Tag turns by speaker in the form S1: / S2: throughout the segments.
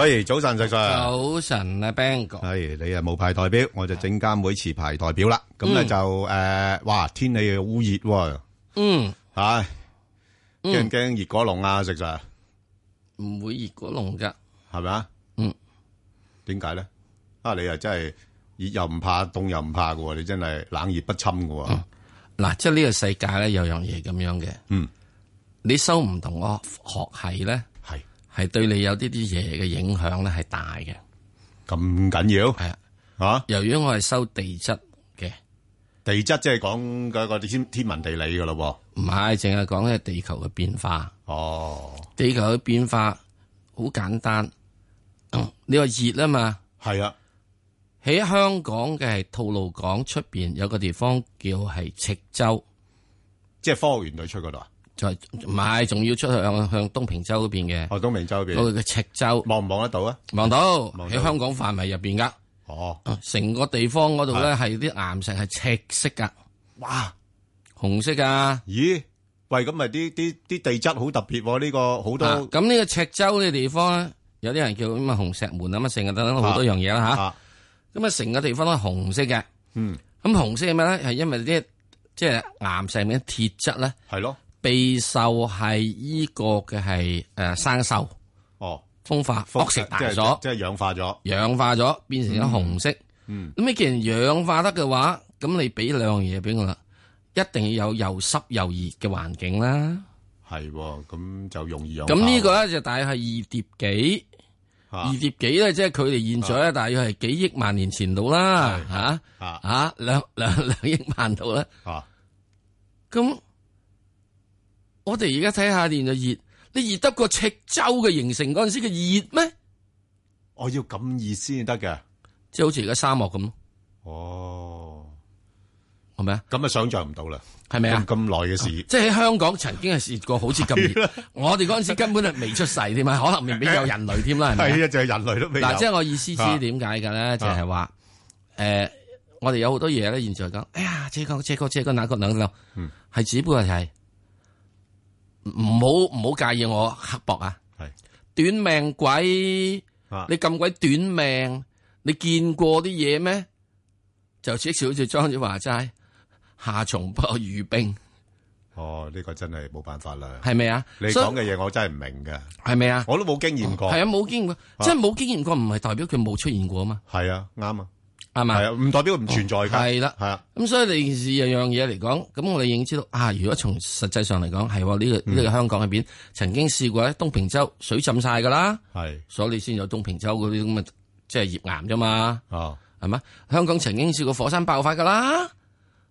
S1: 喂，早晨，石 Sir。早晨啊，Bang 哥。係你啊，無牌代表，我就證監會持牌代表啦。咁咧就誒、嗯呃，哇，天氣又烏熱。嗯。吓驚唔驚熱過龍啊，石 Sir？唔會熱過龍噶。係咪啊？嗯。點解咧？啊，你又真係熱又唔怕，凍又唔怕嘅，你真係冷熱不侵嘅。嗱、嗯，即係呢個世界咧，有樣嘢咁樣嘅。嗯。你收唔
S2: 同我學係咧？係對你有啲啲嘢嘅影響咧，係大嘅。
S1: 咁緊要係啊？啊！由於我係收地質嘅，地質即係講嗰個天天文地理噶咯。唔係，淨係講咧地球嘅變化。
S2: 哦，地球嘅變化好簡單。嗯、你話熱啊嘛？係啊。喺香港嘅係吐露港出邊有個地方叫係赤洲，即係科學園對出嗰度啊。唔係，仲要出去向向東平洲嗰邊嘅。哦，東平洲嗰邊。嗰個嘅赤洲望唔望得到啊？望到，望到，喺香港範圍入邊噶。哦，成個地方嗰度咧係啲岩石係赤色噶。
S1: 哇，紅色噶？咦，喂，咁咪啲啲啲地質好特別呢個，好多。
S2: 咁呢個赤洲嘅地方咧，有啲人叫咁啊紅石門啊，乜成日等等好多樣嘢啦吓。咁啊，成個地方都係紅色嘅。嗯，咁紅色係咩咧？係因為啲即係岩石面嘅鐵質咧。係咯。被鏽係依個嘅係誒生鏽哦，風化腐蝕大咗，即係氧化咗，氧化咗變成咗紅色。嗯，咁咩？既然氧化得嘅話，咁你俾兩樣嘢俾我啦，一定要有又濕又熱嘅環境啦。
S1: 係喎，咁就容易有。咁呢個
S2: 咧就大約係二疊紀，二疊紀咧即係距離現在咧大約係幾億萬年前度啦。吓吓兩兩兩億萬度啦。啊，咁。我哋而家睇下熱就熱，你熱得過赤州嘅形成嗰陣時嘅熱咩？我要咁
S1: 熱先得㗎，即係好似而家沙漠咁咯。哦，係咪啊？咁啊，想象唔到啦，係咪啊？咁耐嘅事，即係喺香港曾
S2: 經係熱過好似咁熱，我哋嗰陣時根本係未出世添啊，可能未必有人類添啦。係啊，就係人類都未。嗱，即係我意思知點解㗎咧，就係話誒，我哋有好多嘢咧，現在講，哎呀，這個這個這個那個能量，係只不過係。唔好唔好介意我刻薄啊！係短命鬼，你咁鬼短命，你見過啲嘢咩？就似少似莊子話齋夏蟲不可語冰。
S1: 哦，呢個真係冇辦法啦。係
S2: 咪啊？你講
S1: 嘅嘢我真係唔明噶。
S2: 係咪啊？我都冇經驗過。係啊，冇經驗，即係冇經驗過，唔係代表佢冇出現過啊嘛。係啊，啱啊。係咪？係啊，唔代表唔存在噶。係啦，哦，係啊。咁的、嗯、所以你件事樣樣嘢嚟講，咁我哋已經知道啊。如果從實際上嚟講，係呢、這個呢、這個香港入邊曾經試過喺東平洲水浸晒噶啦。係的，所以你先有東平洲嗰啲咁嘅即係頁岩啫嘛。哦，係嘛？香港曾經試過火山爆發噶啦，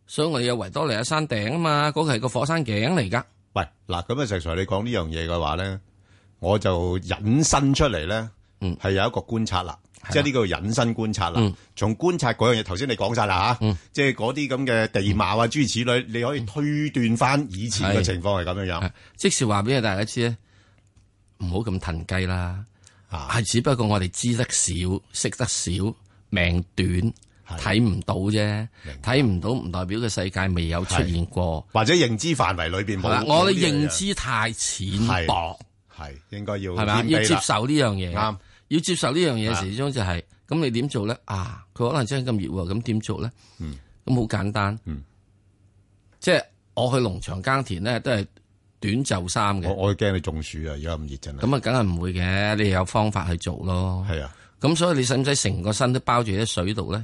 S1: 所以我哋有維多利亞山頂啊嘛，嗰、那個係個火山頸嚟噶。喂，嗱，咁、呃、啊，就隨你講呢樣嘢嘅話咧，我就引申出嚟咧，係有一個觀察啦。嗯即係呢個隱身觀察啦，從、嗯、觀察嗰樣嘢，頭先你講晒啦吓，嗯、即係嗰啲咁嘅地貌啊諸如此類，你可以推斷翻以前嘅情況係咁樣樣。嗯、是即是話俾大家
S2: 知咧，唔好咁騰雞啦。係、啊、只不過我哋知得少，識得少，命短，睇唔是到啫。睇唔白到唔代表個世界未有出現過，或者認知範圍裏邊冇。我認知太淺薄，
S1: 係應該要係要接受呢樣嘢。
S2: 要接受呢樣嘢，時始終就係咁，你點做咧？啊，佢可能真係咁熱啊！咁點做咧？咁好簡單，即係我去農場耕田咧，都係短袖衫嘅。我我驚你中暑啊！而家咁熱真係。咁啊，梗係唔會嘅。你有方法去做咯。係啊。咁所以你使唔使成個身都包住喺水度咧？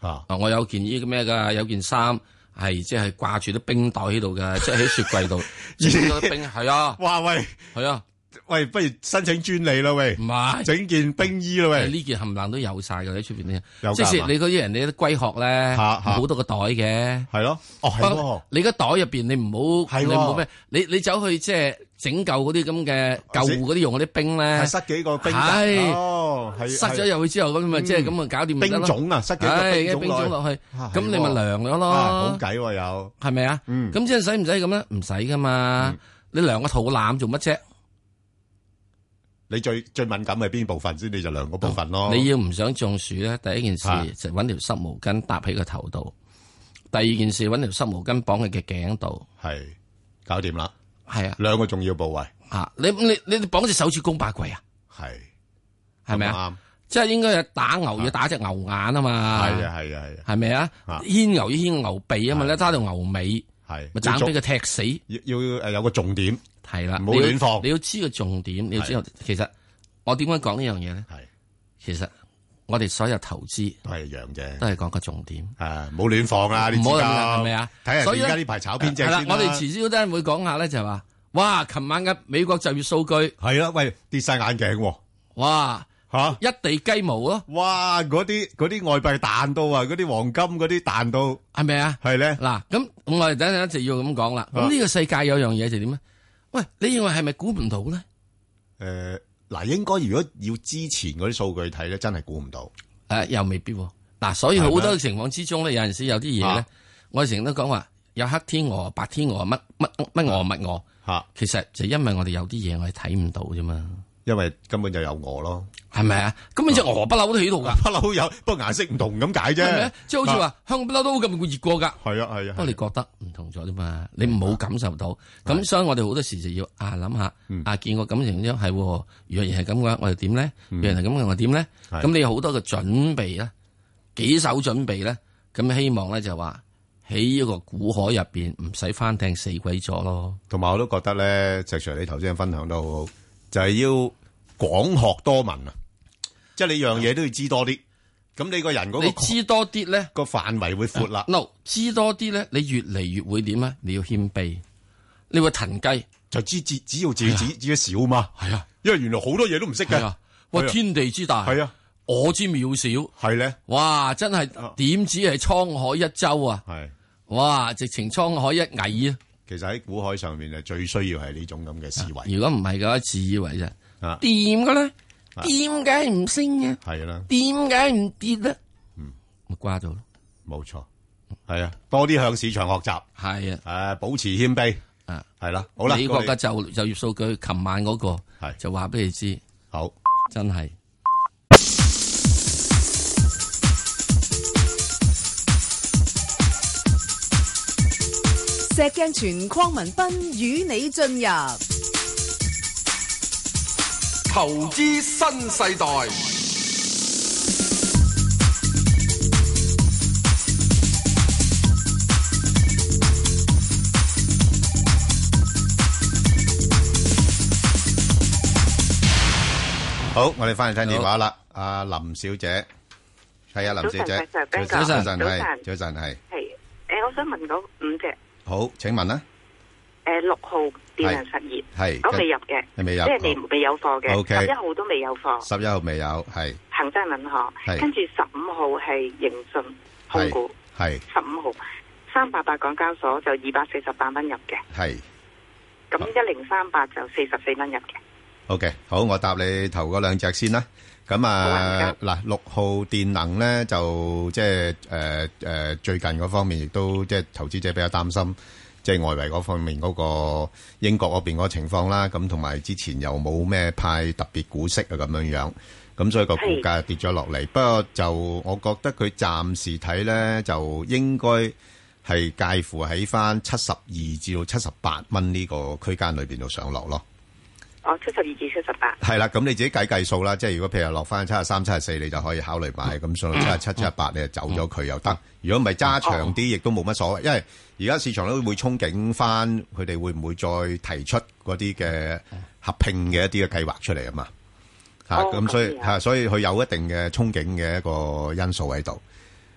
S2: 啊，我有件衣咩噶？有件衫係即係掛住啲冰袋喺度噶，即係喺雪櫃度。而家有啲冰
S1: 係啊。哇喂，
S2: 係啊。喂，不如申請專利啦，喂！唔係，整件冰衣啦，喂！呢件冚冷都有晒噶，喺出邊啲有。即係你嗰啲人，你啲龜殼咧，好多個袋嘅，係咯。哦，你個袋入邊，你唔好，你冇咩？你你走去即係整救嗰啲咁嘅救護嗰啲用嗰啲冰咧，塞幾個冰，
S1: 係，塞咗入去
S2: 之後，咁咪即係咁啊，搞掂。冰種啊，塞幾個冰種落去，咁你咪涼咗咯。冇計又係咪啊？咁即係使唔使咁咧？唔使噶嘛，你涼個肚腩做乜啫？
S1: 你最最敏感係邊部分先，你就兩個部分咯。你要唔
S2: 想中暑咧，第一件事就揾條濕毛巾搭喺個頭度，第二件事揾條濕毛巾綁喺個頸度，係搞掂啦。係啊，兩個重要部位。吓，你你你哋綁隻手指公八貴啊？係，係咪啊？即係應該打牛要打隻牛眼啊嘛。係啊係啊係啊。係咪啊？牽牛要牽牛鼻啊嘛，咧揸住牛尾，係咪整俾佢踢
S1: 死？要要誒有個重點。
S2: 係啦，冇亂放。你要知個重點，你要知道。其實我點解講呢樣嘢咧？係其實我哋所有投資都係一樣啫，都係講個重點。誒，冇亂放啦，你知唔知啊？係咪啊？睇下而家呢排炒邊隻先啦。我哋遲啲都會講下咧，就係話哇，琴晚嘅美國
S1: 就業數據係啦，喂跌晒眼鏡，哇吓一地雞毛咯。哇，嗰啲啲外幣彈到啊，嗰啲黃金嗰啲彈到係咪啊？係咧。
S2: 嗱咁，我哋等陣一直要咁講啦。咁呢個世界有樣嘢就點咧？
S1: 喂，你認為係咪估唔到咧？誒，嗱，應該如果要之前嗰啲數據睇咧，真係估唔到。誒、啊，又未必、啊。嗱、啊，所以好多情況之中咧，
S2: 嗎有陣時有啲嘢咧，啊、我哋成日都講話有黑天鵝、白天鵝，乜乜乜鵝、乜鵝。吓，啊、其實就因為我哋有
S1: 啲嘢我哋睇唔到啫嘛。因為根本就有鵝咯，係咪啊？咁樣隻鵝不嬲都喺度噶，不嬲有，不過顏色唔同咁解啫。即係好似話香港不嬲都咁熱過噶。係啊係啊，不
S2: 過你覺得唔同咗啫嘛？你唔好感受到，咁所以我哋好多時就要啊諗下啊見過咁樣樣係，若然係咁嘅話，我哋點咧？若然係咁嘅話，點咧？咁你好多嘅準備咧，幾手準備咧，咁希望咧就話喺一個
S1: 古海入邊唔使翻艇死鬼咗咯。同埋我都覺得咧，石 Sir 你頭先分享都好好。就係要廣學多聞啊，即係你樣嘢都要知多啲，咁你個人嗰個你知多啲咧，個範圍會闊啦。no，知多啲咧，
S2: 你越嚟越會點啊？你要謙卑。你會騰雞就知知，只要自己、啊、自己自己少嘛。係啊，因為原來好多嘢都唔識嘅。哇，天地之大，係啊，我之渺小，係咧呢。哇，真係點止係滄海一舟啊！係、啊、哇，直情滄海一蟻啊！其實喺股海上面係最需要係呢種咁嘅思維。如果唔係嘅，自以為啫。啊，點嘅咧？點解唔升嘅？係啦。點解唔跌咧？嗯，
S1: 咪掛咗咯。冇錯，係啊，多啲向市場學習。係啊，誒，保持謙卑。啊，係啦，好啦。你覺得就就業數據，
S2: 琴晚嗰個係就話俾你知。好，真係。
S1: 石鏡泉鄺文斌與你進入
S2: 投資新世代。
S1: 好，我哋翻嚟聽電話啦。阿好林小姐，係啊，林小姐。早晨，早晨，早晨，係。係，誒，我想
S3: 問到五隻。
S1: 好，請問啦？
S3: 誒，六號電能實業？係我未入嘅，未有，即係未未有貨嘅。O K，十一號都未有貨，
S1: 十一號未有，係
S3: 恒生銀行。係跟住十五號係盈信控股，係十五號三八八港交所就二百四十八蚊入嘅，
S1: 係。咁
S3: 一零三八就四十四蚊入
S1: 嘅。O K，好，我答你頭嗰兩隻先啦。咁啊，嗱，六號電能咧就即係誒誒，最近嗰方面亦都即係、就是、投資者比較擔心，即、就、係、是、外圍嗰方面嗰個英國嗰邊個情況啦。咁同埋之前又冇咩派特別股息啊，咁樣樣。咁所以個股價跌咗落嚟。是不過就我覺得佢暫時睇咧，就應該係介乎喺翻七十二至到七十八蚊呢個區間裏邊度上落咯。哦，七十二至七十八係啦，咁你自己計計數啦，即係如果譬如落翻七十三、七十四，你就可以考慮買，咁上、嗯、到七十七、七十八，你就走咗佢又得。如果唔係揸長啲，亦都冇乜所謂，因為而家市場都會憧憬翻，佢哋會唔會再提出嗰啲嘅合併嘅一啲嘅計劃出嚟、嗯、啊嘛？吓，咁所以吓、哦啊，所以佢有一定嘅憧憬嘅一個因素喺度。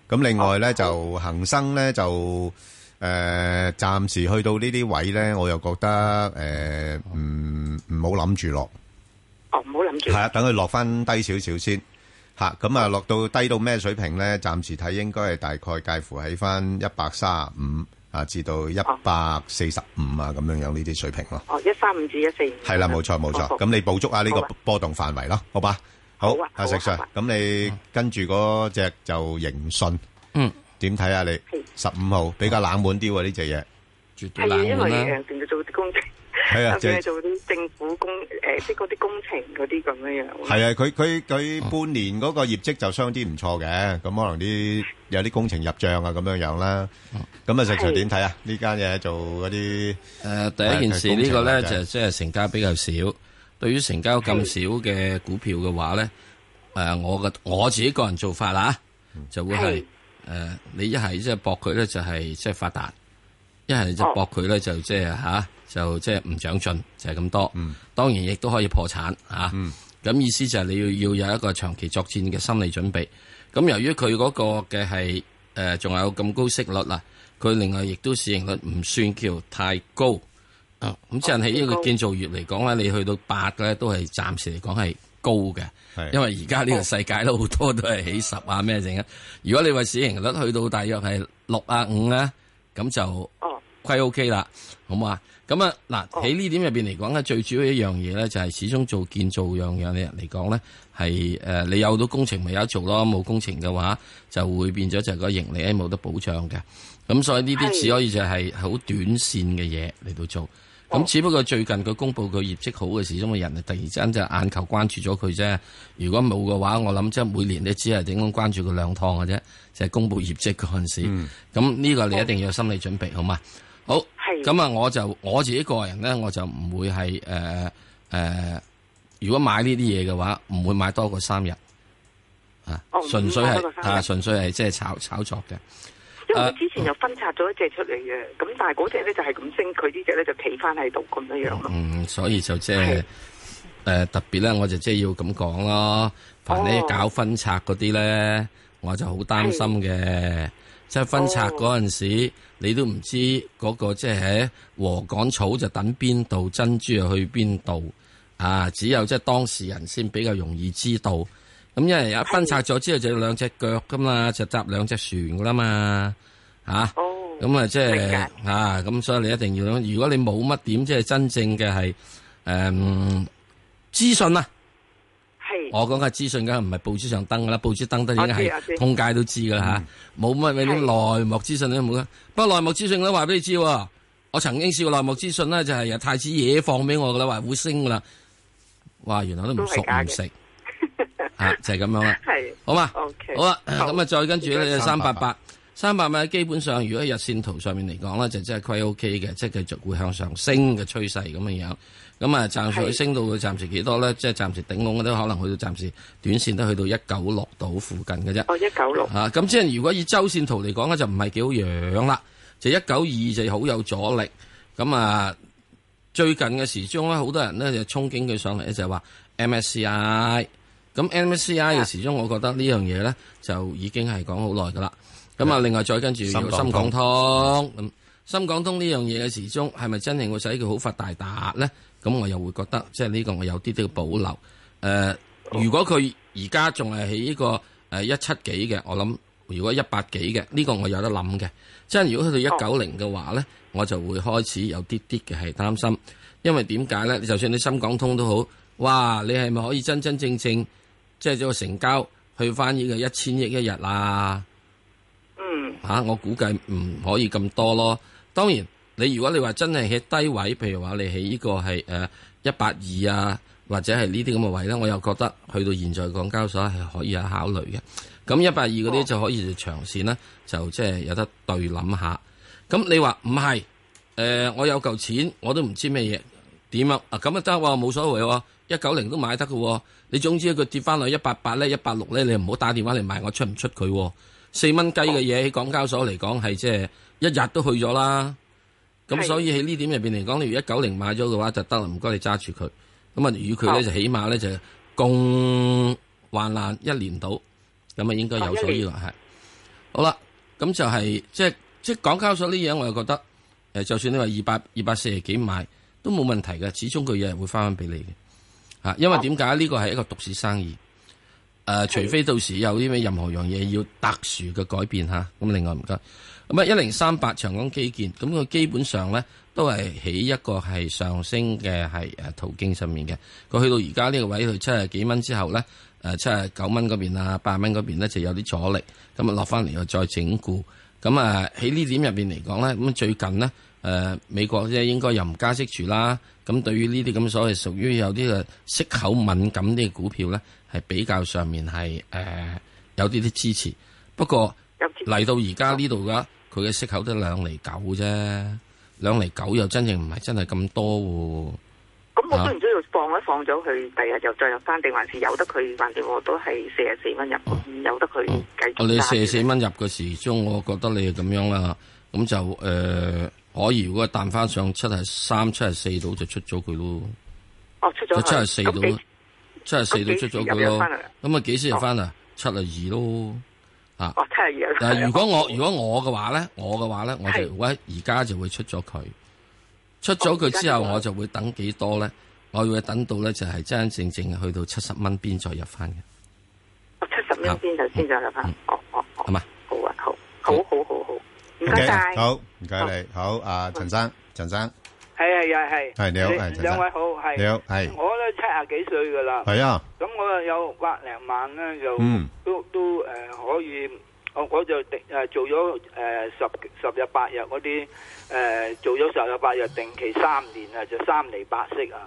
S1: 咁另外咧、嗯就，就恒生咧就。誒，暫時去到呢啲位咧，我又覺得誒，唔唔好諗住落。哦，唔好諗住。係啊，等佢落翻低少少先。吓，咁啊，落到低到咩水平咧？暫時睇應該係大概介乎喺翻一百三十五啊，至到一百四十五啊，咁樣樣呢啲水平咯。
S3: 哦，一三五至一四。係啦，
S1: 冇錯冇錯。咁你捕捉下呢個波動範圍咯，好吧？好啊，阿石 Sir，咁你跟住嗰隻就盈信。嗯。點睇啊？你？十五號比較冷門啲喎，呢隻嘢絕對啦，因為誒，仲要做啲工程，係啊，即係做啲政府
S3: 工誒，即係嗰啲工程嗰啲咁
S1: 樣樣。係啊，佢佢佢半年嗰個業績就相當之唔錯嘅，咁可能啲有啲工程入賬啊，咁樣樣啦。咁啊，成才點睇啊？呢間嘢做嗰啲誒，第一件事呢個咧就即係成交比較
S2: 少。對於成交咁少嘅股票嘅話咧，誒，我嘅我自己個人做法啦，就會係。誒、呃，你一係即係搏佢咧，就係、是、即係發達；一係就搏佢咧，就即係吓、啊，就即係唔長進，就係、是、咁多。嗯、當然亦都可以破產吓。咁、啊嗯、意思就係你要要有一個長期作戰嘅心理準備。咁由於佢嗰個嘅係誒、仲、呃、有咁高息率啦，佢另外亦都市盈率唔算叫太高。啊、嗯，咁即係喺呢個建造業嚟講咧，你去到八厘咧都係暫時嚟講係高嘅。因為而家呢個世界都好多都係起十啊咩剩啊。如果你話市盈率去到大約係六啊五啊，咁就虧 OK 啦，好嘛？咁啊嗱，喺呢點入邊嚟講咧，最主要一樣嘢咧，就係始終做建造樣樣嘅人嚟講咧，係誒、呃、你有到工程咪有得做咯，冇工程嘅話就會變咗就係個盈利咧冇得保障嘅。咁所以呢啲只可以就係好短線嘅嘢嚟到做。咁只不過最近佢公布佢業績好嘅，始終嘅人突然之間就眼球關注咗佢啫。如果冇嘅話，我諗即係每年咧只係點樣關注佢兩趟嘅啫，就係、是、公布業績嗰陣時。咁呢、嗯、個你一定要有心理準備、哦、好嘛。好，咁啊是，我就我自己個人咧，我就唔會係誒誒，如果買呢啲嘢嘅話，唔會買多過三日啊，哦、純粹係啊，多多純粹係即係炒炒作嘅。
S3: Uh, 之前又分拆咗一隻
S2: 出嚟嘅。咁、uh, 但係嗰隻咧就係咁升，佢呢隻咧就企翻喺度咁樣樣咯。嗯，所以就即係誒特別咧，我就即係要咁講咯。凡你搞分拆嗰啲咧，我就好擔心嘅。即係是分拆嗰陣時，oh。你都唔知嗰個即係喺禾港草就等邊度珍珠啊去邊度啊？只有即係當事人先比較容易知道。咁因為一分拆咗之後的就要兩隻腳噶嘛，就搭兩隻船噶啦嘛，吓、啊，咁啊即係吓，咁所以你一定要，如果你冇乜點即係、就是、真正嘅係誒資訊啦，係、嗯，資訊啊、的我講嘅資訊梗係唔係報紙上登噶啦，報紙登得已經係通街都知噶啦吓，冇乜咩啲內幕資訊都冇啦，的不過內幕資訊我都話俾你知、啊、喎，我曾經試過內幕資訊咧就係有太子爺放俾我噶啦，話會升噶啦，話原來都唔熟唔食。就係咁樣啦，好嘛？好啦，咁啊，再跟住咧，三八八，三八八基本上，如果喺日線圖上面嚟講咧，就真係虧 O K 嘅，即係繼續會向上升嘅趨勢咁嘅樣。咁啊，暫時升到佢暫時幾多咧？即係是暫時頂籠都可能去到暫時短線都去到一九六度附近嘅啫。哦，一九六啊，咁即係如果以周線圖嚟講咧，就唔係幾好樣啦。就一九二就好有阻力。咁啊，最近嘅時鐘咧，好多人咧就憧憬佢上嚟咧，就係話 MSCI。咁 MSCI 嘅始終，我覺得呢樣嘢呢，就已經係講好耐㗎啦。咁啊的，另外再跟住有深港通，咁深港通呢樣嘢嘅始終係咪真係會使佢好發大達呢？咁我又會覺得即係呢個我有啲啲保留。誒、呃，好如果佢而家仲係喺呢個誒一七幾嘅，我諗如果一八幾嘅呢個我有得諗嘅。即係如果去到一九零嘅話呢，我就會開始有啲啲嘅係擔心，因為點解呢？就算你深港通都好，哇，你係咪可以真真正正，正？即係個成交去翻呢個一千億一日啦，嗯，嚇、啊、我估計唔可以咁多咯。當然，你如果你話真係喺低位，譬如話你喺呢個係誒一百二啊，或者係呢啲咁嘅位咧，我又覺得去到現在港交所係可以有考慮嘅。咁一百二嗰啲就可以長線啦，哦、就即係有得對諗下。咁你話唔係誒？我有嚿錢我都唔知咩嘢點啊？啊咁啊得喎，冇所謂喎，一九零都買得嘅喎。啊你總之佢跌翻落一百八咧，一百六咧，你唔好打電話嚟問我出唔出佢、啊？四蚊雞嘅嘢喺港交所嚟講係即係一日都去咗啦。咁是所以喺呢點入邊嚟講，你如果一九零買咗嘅話就得啦，唔該你揸住佢。咁啊，與佢咧就起碼咧就共患難一年到，咁啊應該有所依賴係。好啦，咁就係、是、即係即係港交所呢樣，我又覺得誒，就算你話二百二百四十幾買都冇問題嘅，始終佢有人會翻返俾你嘅。啊，因為點解呢個係一個獨市生意？誒、啊，除非到時有啲咩任何樣嘢要特殊嘅改變吓，咁、啊、另外唔該。咁啊，一零三八長江基建，咁、嗯、佢基本上咧都係起一個係上升嘅係誒途徑上面嘅。佢去到而家呢個位，佢七十幾蚊之後咧，誒七十九蚊嗰邊啊，八蚊嗰邊咧就有啲阻力，咁啊落翻嚟又再整固。咁、嗯、啊喺呢點入邊嚟講咧，咁、嗯、啊最近呢。誒、呃，美國咧應該又唔加息住啦，咁對於呢啲咁所謂屬於有啲嘅息口敏感啲嘅股票咧，係比較上面係誒、呃、有啲啲支持。不過嚟到而家呢度嘅，佢嘅、嗯、息口都兩厘九啫，兩厘九又真正唔係真係咁多喎。咁我都唔知要放一放咗佢，第日又再入翻定，還是由得
S3: 佢？或者我都係
S2: 四十四蚊入，有得佢計。我哋四十四蚊入嘅時鐘，我覺得你係咁樣啦、啊，咁就誒。呃我如果彈翻上七十三七十四度就出咗佢咯，哦，出咗佢，咁幾七十四度出咗佢咯，咁啊幾時入翻啊，七十二咯，啊，七十二啊，嗱如果我如果我嘅話咧，我嘅話咧，我哋喂而家就會出咗佢，出咗佢之後我就會等幾多咧，我要等到咧就係真真正正去到七十蚊邊再入翻嘅，七
S3: 十蚊邊就先就入
S1: 翻，哦哦哦，咁好
S2: 啊好好好好好。唔該
S3: 晒，okay, 謝謝，好唔
S1: 該你，好、oh. 啊陳生，陳生
S3: 係係係係係你好，兩你位好係你好
S1: 係，我
S2: 都七啊幾歲噶啦，係啊，咁我又有百零萬咧就、嗯、都都誒、呃、可以，我我就定誒做咗誒、呃、十十日八日嗰啲誒做咗十日八日定期三年啊，就三厘八息啊，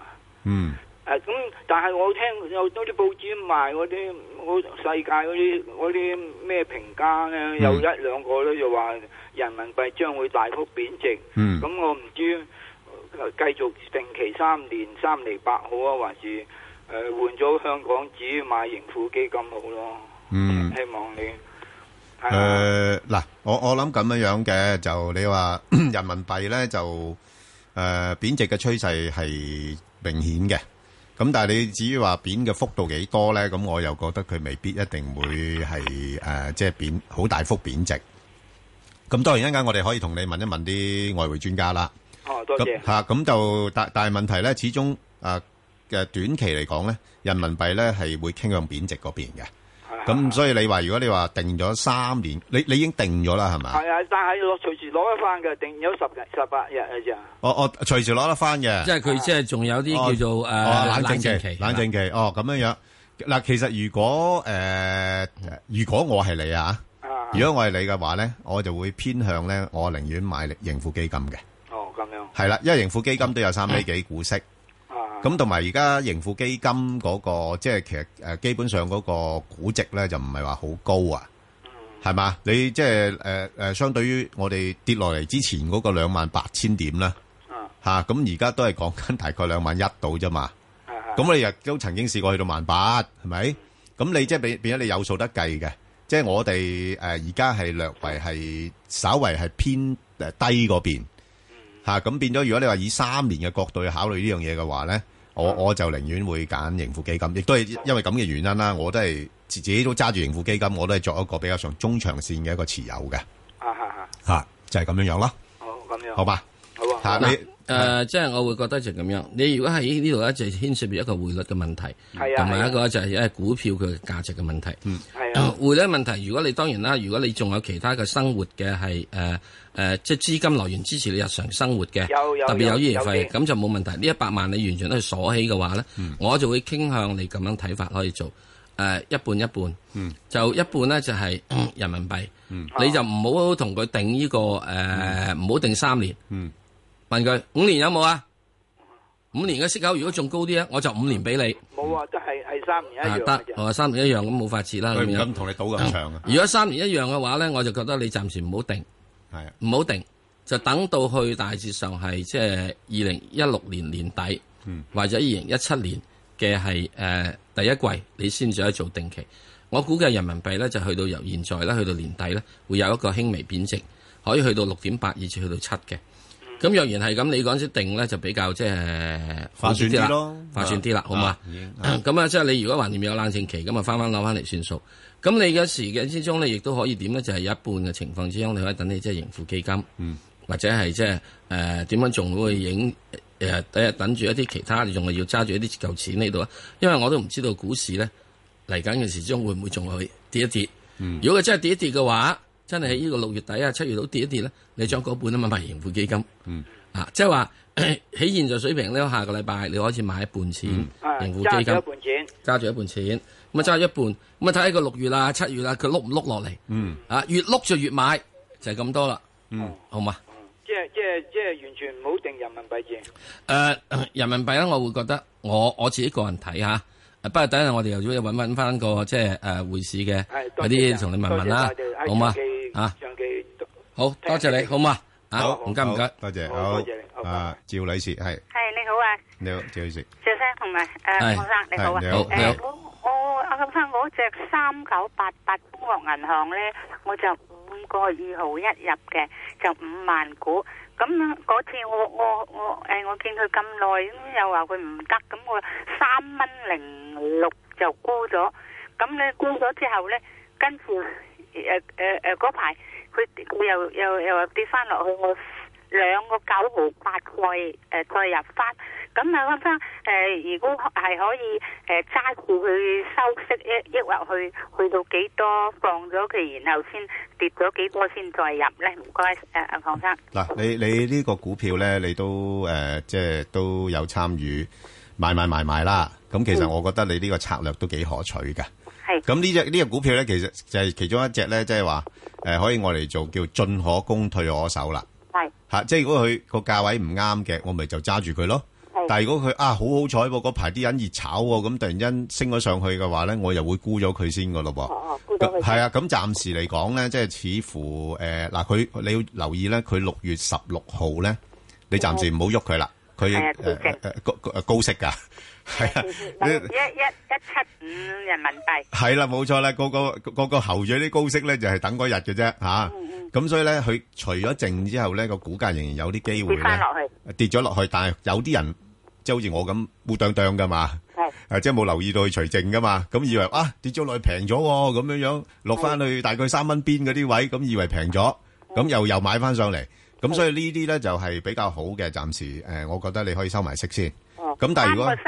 S2: 嗯。咁，但係我聽有多啲報紙賣嗰啲，我世界嗰啲啲咩評價呢？Mm. 有一兩個咧就話人民幣將會大幅貶
S3: 值。嗯、mm.，咁我唔知繼續定期三年、三厘八好啊，還是誒換咗香港紙買盈富基金好咯。嗯，mm. 希望你
S1: 誒嗱、uh，我我諗咁樣樣嘅就你話 人民幣咧就誒、呃、貶值嘅趨勢係明顯嘅。咁但係你至於話貶嘅幅度幾多咧？咁我又覺得佢未必一定會係誒，即係貶好大幅貶值。咁當然一陣間，我哋可以同你問一問啲外匯專家啦。
S3: 哦，多謝。
S1: 嚇，咁就但但係問題咧，始終誒嘅短期嚟講咧，人民幣咧係會傾向貶值嗰邊嘅。咁所以你話，如果你話定咗三年，你你已經定咗啦，係咪？係啊，但係攞隨時攞得翻
S2: 嘅，
S1: 定咗十日、十八日嘅啫。我我隨時攞得翻嘅。即係佢，即係仲有啲叫做誒冷靜期。冷靜期，哦，咁樣樣嗱。其實如果誒，如果我係你啊，如果我係你嘅話咧，我就會偏向咧，我寧願買盈富基金嘅。哦，咁樣。係啦，因為盈富基金都有三 A 幾股息。咁同埋而家盈富基金嗰個，即係其實誒基本上嗰個估值咧就唔係話好高啊，係嘛、嗯？你即係誒誒相對於我哋跌落嚟之前嗰個兩萬八千點啦，吓、嗯，咁而家都係講緊大概兩萬一到啫嘛。咁你亦都曾經試過去到萬八，係咪、嗯？咁你即係變變咗你有數得計嘅，即係我哋誒而家係略為係稍微係偏誒低嗰邊。啊，咁變咗，如果你話以三年嘅角度去考慮呢樣嘢嘅話咧，啊、我我就寧願會揀盈富基金，亦都係因為咁嘅原因啦。我都係自己都揸住盈富基金，我都係作一個比較上中長線嘅一個持有嘅、啊。啊，嚇嚇嚇，就係咁樣樣咯。好，咁樣
S2: 好吧，好吧啊，你。誒，即係我會覺得就咁樣。你如果喺呢度咧就牽涉住一個匯率嘅問題，同埋一個就係一股票佢嘅價值嘅問題。匯率問題，如果你當然啦，如果你仲有其他嘅生活嘅係誒誒，即係資金來源支持你日常生活嘅，特別有醫藥費，咁就冇問題。呢一百萬你完全都係鎖起嘅話咧，我就會傾向你咁樣睇法可以做誒一半一半。就一半咧就係人民幣，你就唔好同佢定呢個誒，唔好定三年。問佢五年有冇啊？五年嘅息口如果仲高啲咧，我就五年俾你。冇、嗯、啊，都係係三年一得三年一樣咁冇、嗯、法子啦。佢咁同你賭咁長、嗯、啊？如果三年一樣嘅話咧，我就覺得你暫時唔好定。係啊，唔好定就等到去大致上係即係二零一六年年底，嗯、或者二零一七年嘅係誒第一季，你先至可以做定期。我估計人民幣咧就去到由現在咧去到年底咧會有一個輕微貶值，可以去到六點八，以至去到七嘅。咁若然係咁，你嗰陣時定咧就比較即係劃算啲咯，劃算啲啦，好嘛？咁啊，即係你如果橫掂有冷靜期，咁啊翻翻攞翻嚟，算數。咁你嘅時間之中咧，亦都可以點咧？就係有一半嘅情況之中，你可以等你即係盈富基金，嗯，或者係即係誒點樣仲好可影誒等住一啲其他，你仲係要揸住一啲舊錢呢度啊？因為我都唔知道股市咧嚟緊嘅時中會唔會仲去跌一跌。如果佢真係跌一跌嘅話。真係喺呢個六月底啊、七月度跌一跌咧，你將嗰半啊嘛買盈富基金，啊即係話喺現在水平咧，下個禮拜你可以開始買一半錢盈富基金，揸住一半錢，揸住一半錢咁啊揸一半咁啊睇喺個六月啊、七月啊，佢碌唔碌落嚟？嗯啊，越碌就越買，就係咁多啦。嗯，好嘛？即
S1: 係即係即係
S2: 完全唔好定人民幣嘅。誒人民幣咧，我會覺得我我自己個人睇下，不過等下我哋又要揾翻翻個即係誒匯市嘅嗰啲
S1: 同你問問啦，好嘛？啊！相機都好多謝你，好嘛？好唔該唔該，多謝，好多謝你。啊，趙女士係
S3: 係你好啊，你
S1: 好趙女士，
S3: 謝生同埋，誒，我你好啊，誒，我我阿先生嗰隻三九八八中國銀行咧，我就五個二號一入嘅，就五萬股。咁嗰次我我我誒，我見佢咁耐，又話佢唔得，咁我三蚊零六就沽咗。咁咧沽咗之後咧，跟住。誒誒誒，嗰排佢佢又又又跌翻落去，我兩個九毫八再誒再入翻。咁啊，方生誒，如果係可以誒揸住佢收息，一抑或去去到幾多放咗佢，然後先跌咗幾多先再入咧？唔該誒，阿方生。
S1: 嗱，你你呢個股票咧，你都誒即係都有參與買買買買啦。咁其實我覺得你呢個策略都幾可取噶係，咁呢隻呢隻股票咧，其實就係其中一隻咧，即係話誒可以我嚟做叫進可攻退可守啦。係是，嚇、啊，即係如果佢個價位唔啱嘅，我咪就揸住佢咯。是但係如果佢啊好好彩喎，嗰排啲人熱炒喎，啊，咁突然間升咗上去嘅話咧，我又會沽咗佢先嘅咯噃。係、哦、啊，咁、啊、暫時嚟講咧，即係似乎誒嗱，佢、呃、你要留意咧，佢六月十六號咧，你暫時唔好喐佢啦。佢誒誒高高息㗎。
S3: 係啊，一一一七五人民幣。
S1: 係啦，冇錯啦，個個個個候住啲高息咧，就係等嗰日嘅啫，吓。咁所以咧，佢除咗淨之後咧，個股價仍然有啲機會跌咗落去，跌咗落去，但係有啲人即係好似我咁，烏當當噶嘛，係，誒，即係冇留意到佢除剩噶嘛，咁以為啊，跌咗落去平咗，咁樣樣落翻去大概三蚊邊嗰啲位，咁以為平咗，咁又又買翻上嚟，咁所以呢啲咧就係比較好嘅，暫時誒，我覺得你可以收埋息先。哦。咁但係如果三。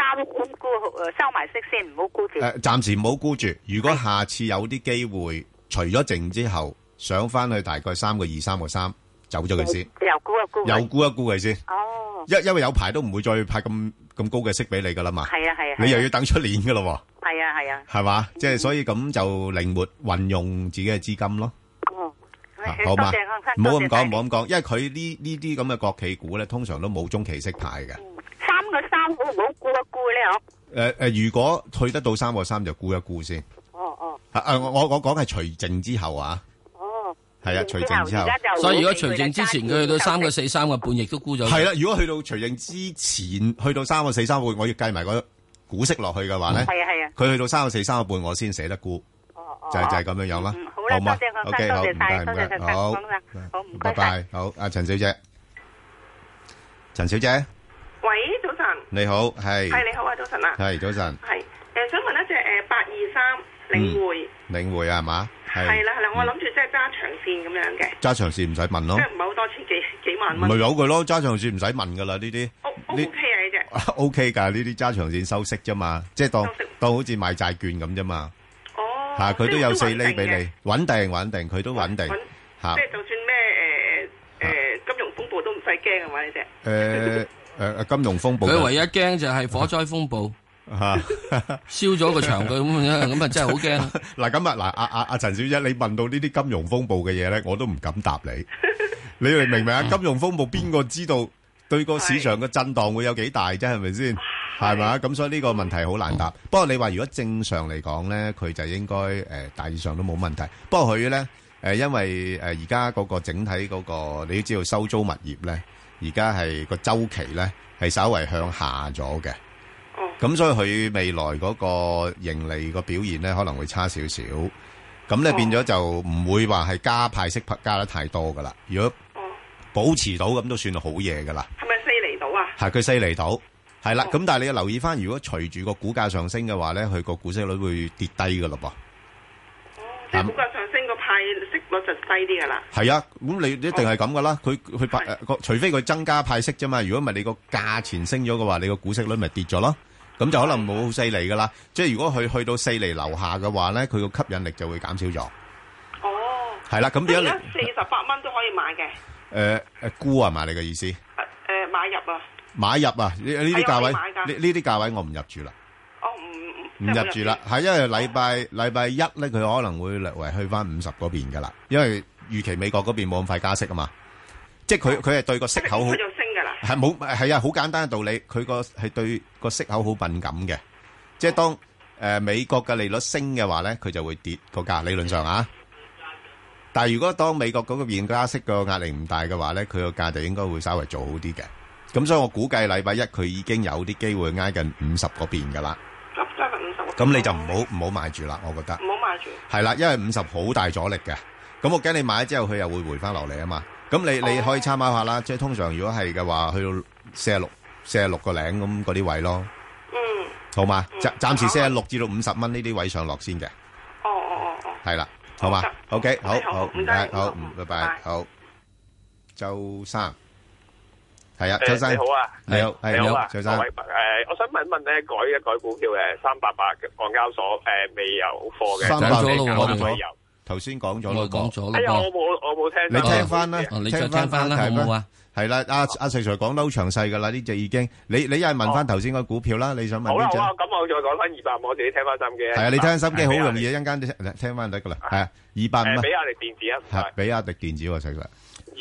S3: 收埋息先，唔好沽住。誒，
S1: 暫時唔好沽住。如果下次有啲機會，除咗剩之後，上翻去大概三個二、三個三，走咗佢先。又沽一沽，又沽一沽佢先。
S3: 哦。因因為有
S1: 排都唔會再派咁咁高嘅息俾你噶啦嘛。係啊係啊。你又要等出年噶咯喎。係啊係啊。係嘛，即係所以咁就靈活運用自己嘅資金咯。
S3: 嗯，好嘛。唔好咁講，唔好咁講，因為佢
S1: 呢呢啲咁嘅國企股咧，通常都冇中期息派嘅。三個
S3: 三，好唔好沽一沽咧？好。
S1: 誒誒，如果退得到三個三就沽一沽先。哦哦。我我講係除淨之後啊。哦。係啊，除淨之後。所以如果除淨之前佢去到三個四三個半，亦都沽咗。係啦，如果去到除淨之前，去到三個四三個半，我要計埋個股息落去嘅話咧。係係啊。佢去到三個四三個半，我先捨得沽。哦哦。就就係咁樣樣啦。好啦，多謝好，f r 好唔該好拜拜。好阿陳小姐，陳小姐，喂。你好，係係你好啊，早晨啊，係
S2: 早晨，係誒，想問一隻誒八二三領匯，
S1: 領匯啊，係嘛？係啦係
S3: 啦，我諗住即係揸長線咁樣嘅，
S1: 揸長線唔使問咯，即係唔係
S3: 好多錢幾幾萬蚊，咪摟
S1: 佢咯，揸長線唔使問噶啦呢啲，O O K 啊呢隻，O K 噶呢啲揸長線收息啫嘛，即係當當好似買債券咁啫嘛，
S3: 哦，吓佢都有四厘俾你，
S1: 穩定穩定，佢都穩定，吓，即係
S3: 就算咩誒誒金融風暴
S1: 都唔使驚啊嘛呢隻，誒。誒，金融風暴佢唯一驚就係火災風暴，吓燒咗個場，佢咁樣，咁啊真係好驚。嗱，咁啊，嗱，阿阿阿陳小姐，你問到呢啲金融風暴嘅嘢咧，我都唔敢答你。你明唔明啊？金融風暴邊個知道對個市場嘅震蕩會有幾大啫？係咪先？係咪？咁所以呢個問題好難答。不過你話如果正常嚟講咧，佢就應該誒大致上都冇問題。不過佢咧誒，因為誒而家嗰個整體嗰個，你都知道收租物業咧。而家係個周期咧，係稍為向下咗嘅，咁、oh. 所以佢未來嗰個盈利個表現咧，可能會差少少，咁咧、oh. 變咗就唔會話係加派息派加得太多噶啦，如果、oh. 保持到咁都算好嘢噶啦。
S3: 係咪四厘到啊？
S1: 係佢四厘到，係啦。咁、oh. 但係你要留意翻，如果隨住個股價上升嘅話咧，佢個股息率會跌低噶咯噃。哦，oh. 即係股
S3: 價上升。
S1: 派息率就低啲噶啦。係啊，咁你一定係咁噶啦。佢佢派個，除非佢增加派息啫嘛。如果唔係你個價錢升咗嘅話，你個股息率咪跌咗咯。咁就可能冇四釐噶啦。即係如果佢去到四釐樓下嘅話咧，佢個吸引力就會減少咗。哦。係啦，咁而家四十八蚊都可以買嘅。誒誒沽係咪你嘅意思？誒誒買入啊。買入啊！呢呢啲價位，呢啲價位我唔入住啦。
S3: 唔入住啦，
S1: 係因為禮拜禮拜一咧，佢可能會略為去翻五十嗰邊噶啦。因為預期美國嗰邊冇咁快加息啊嘛，即係佢佢係對個息口好，佢就升噶啦。係冇係啊，好簡單嘅道理，佢個係對個息口好敏感嘅。即係當誒美國嘅利率升嘅話咧，佢就會跌個價。理論上啊，但係如果當美國嗰邊加息個壓力唔大嘅話咧，佢個價就應該會稍微做好啲嘅。咁所以我估計禮拜一佢已經有啲機會挨近五十嗰邊噶啦。咁你就唔好唔好買住啦，我覺得。唔好買住。係啦，因為五十好大阻力嘅，咁我驚你買咗之後佢又會回翻落嚟啊嘛。咁你你可以參考下啦，即係通常如果係嘅話，去到四十六、四十六個零咁嗰啲位咯。嗯。好嘛，暫暫時四十六至到五十蚊呢啲位上落先嘅。哦哦哦哦。係啦，好嘛。得。O K，好。唔該。好唔該，好拜拜。好，週三。係啊，周生你好啊，你好，你好，周生。誒，
S3: 我想問一問咧，改一改股票誒，三八八嘅港交所誒未有貨嘅，三八八港交所有。
S1: 頭先講咗講咗我冇我冇聽。你聽翻啦，你再聽翻啦，好啊？係啦，阿阿齊齊講得好詳細噶啦，呢隻已經。你你又問翻頭先個股票啦？你想問？好啦，我
S3: 咁我再講翻二百，我自己聽翻心機。係啊，你聽翻心機好容易啊，一
S1: 陣間聽聽翻得噶啦。係啊，二百五。誒，比亞迪電子啊。係，比亞迪電子，齊齊。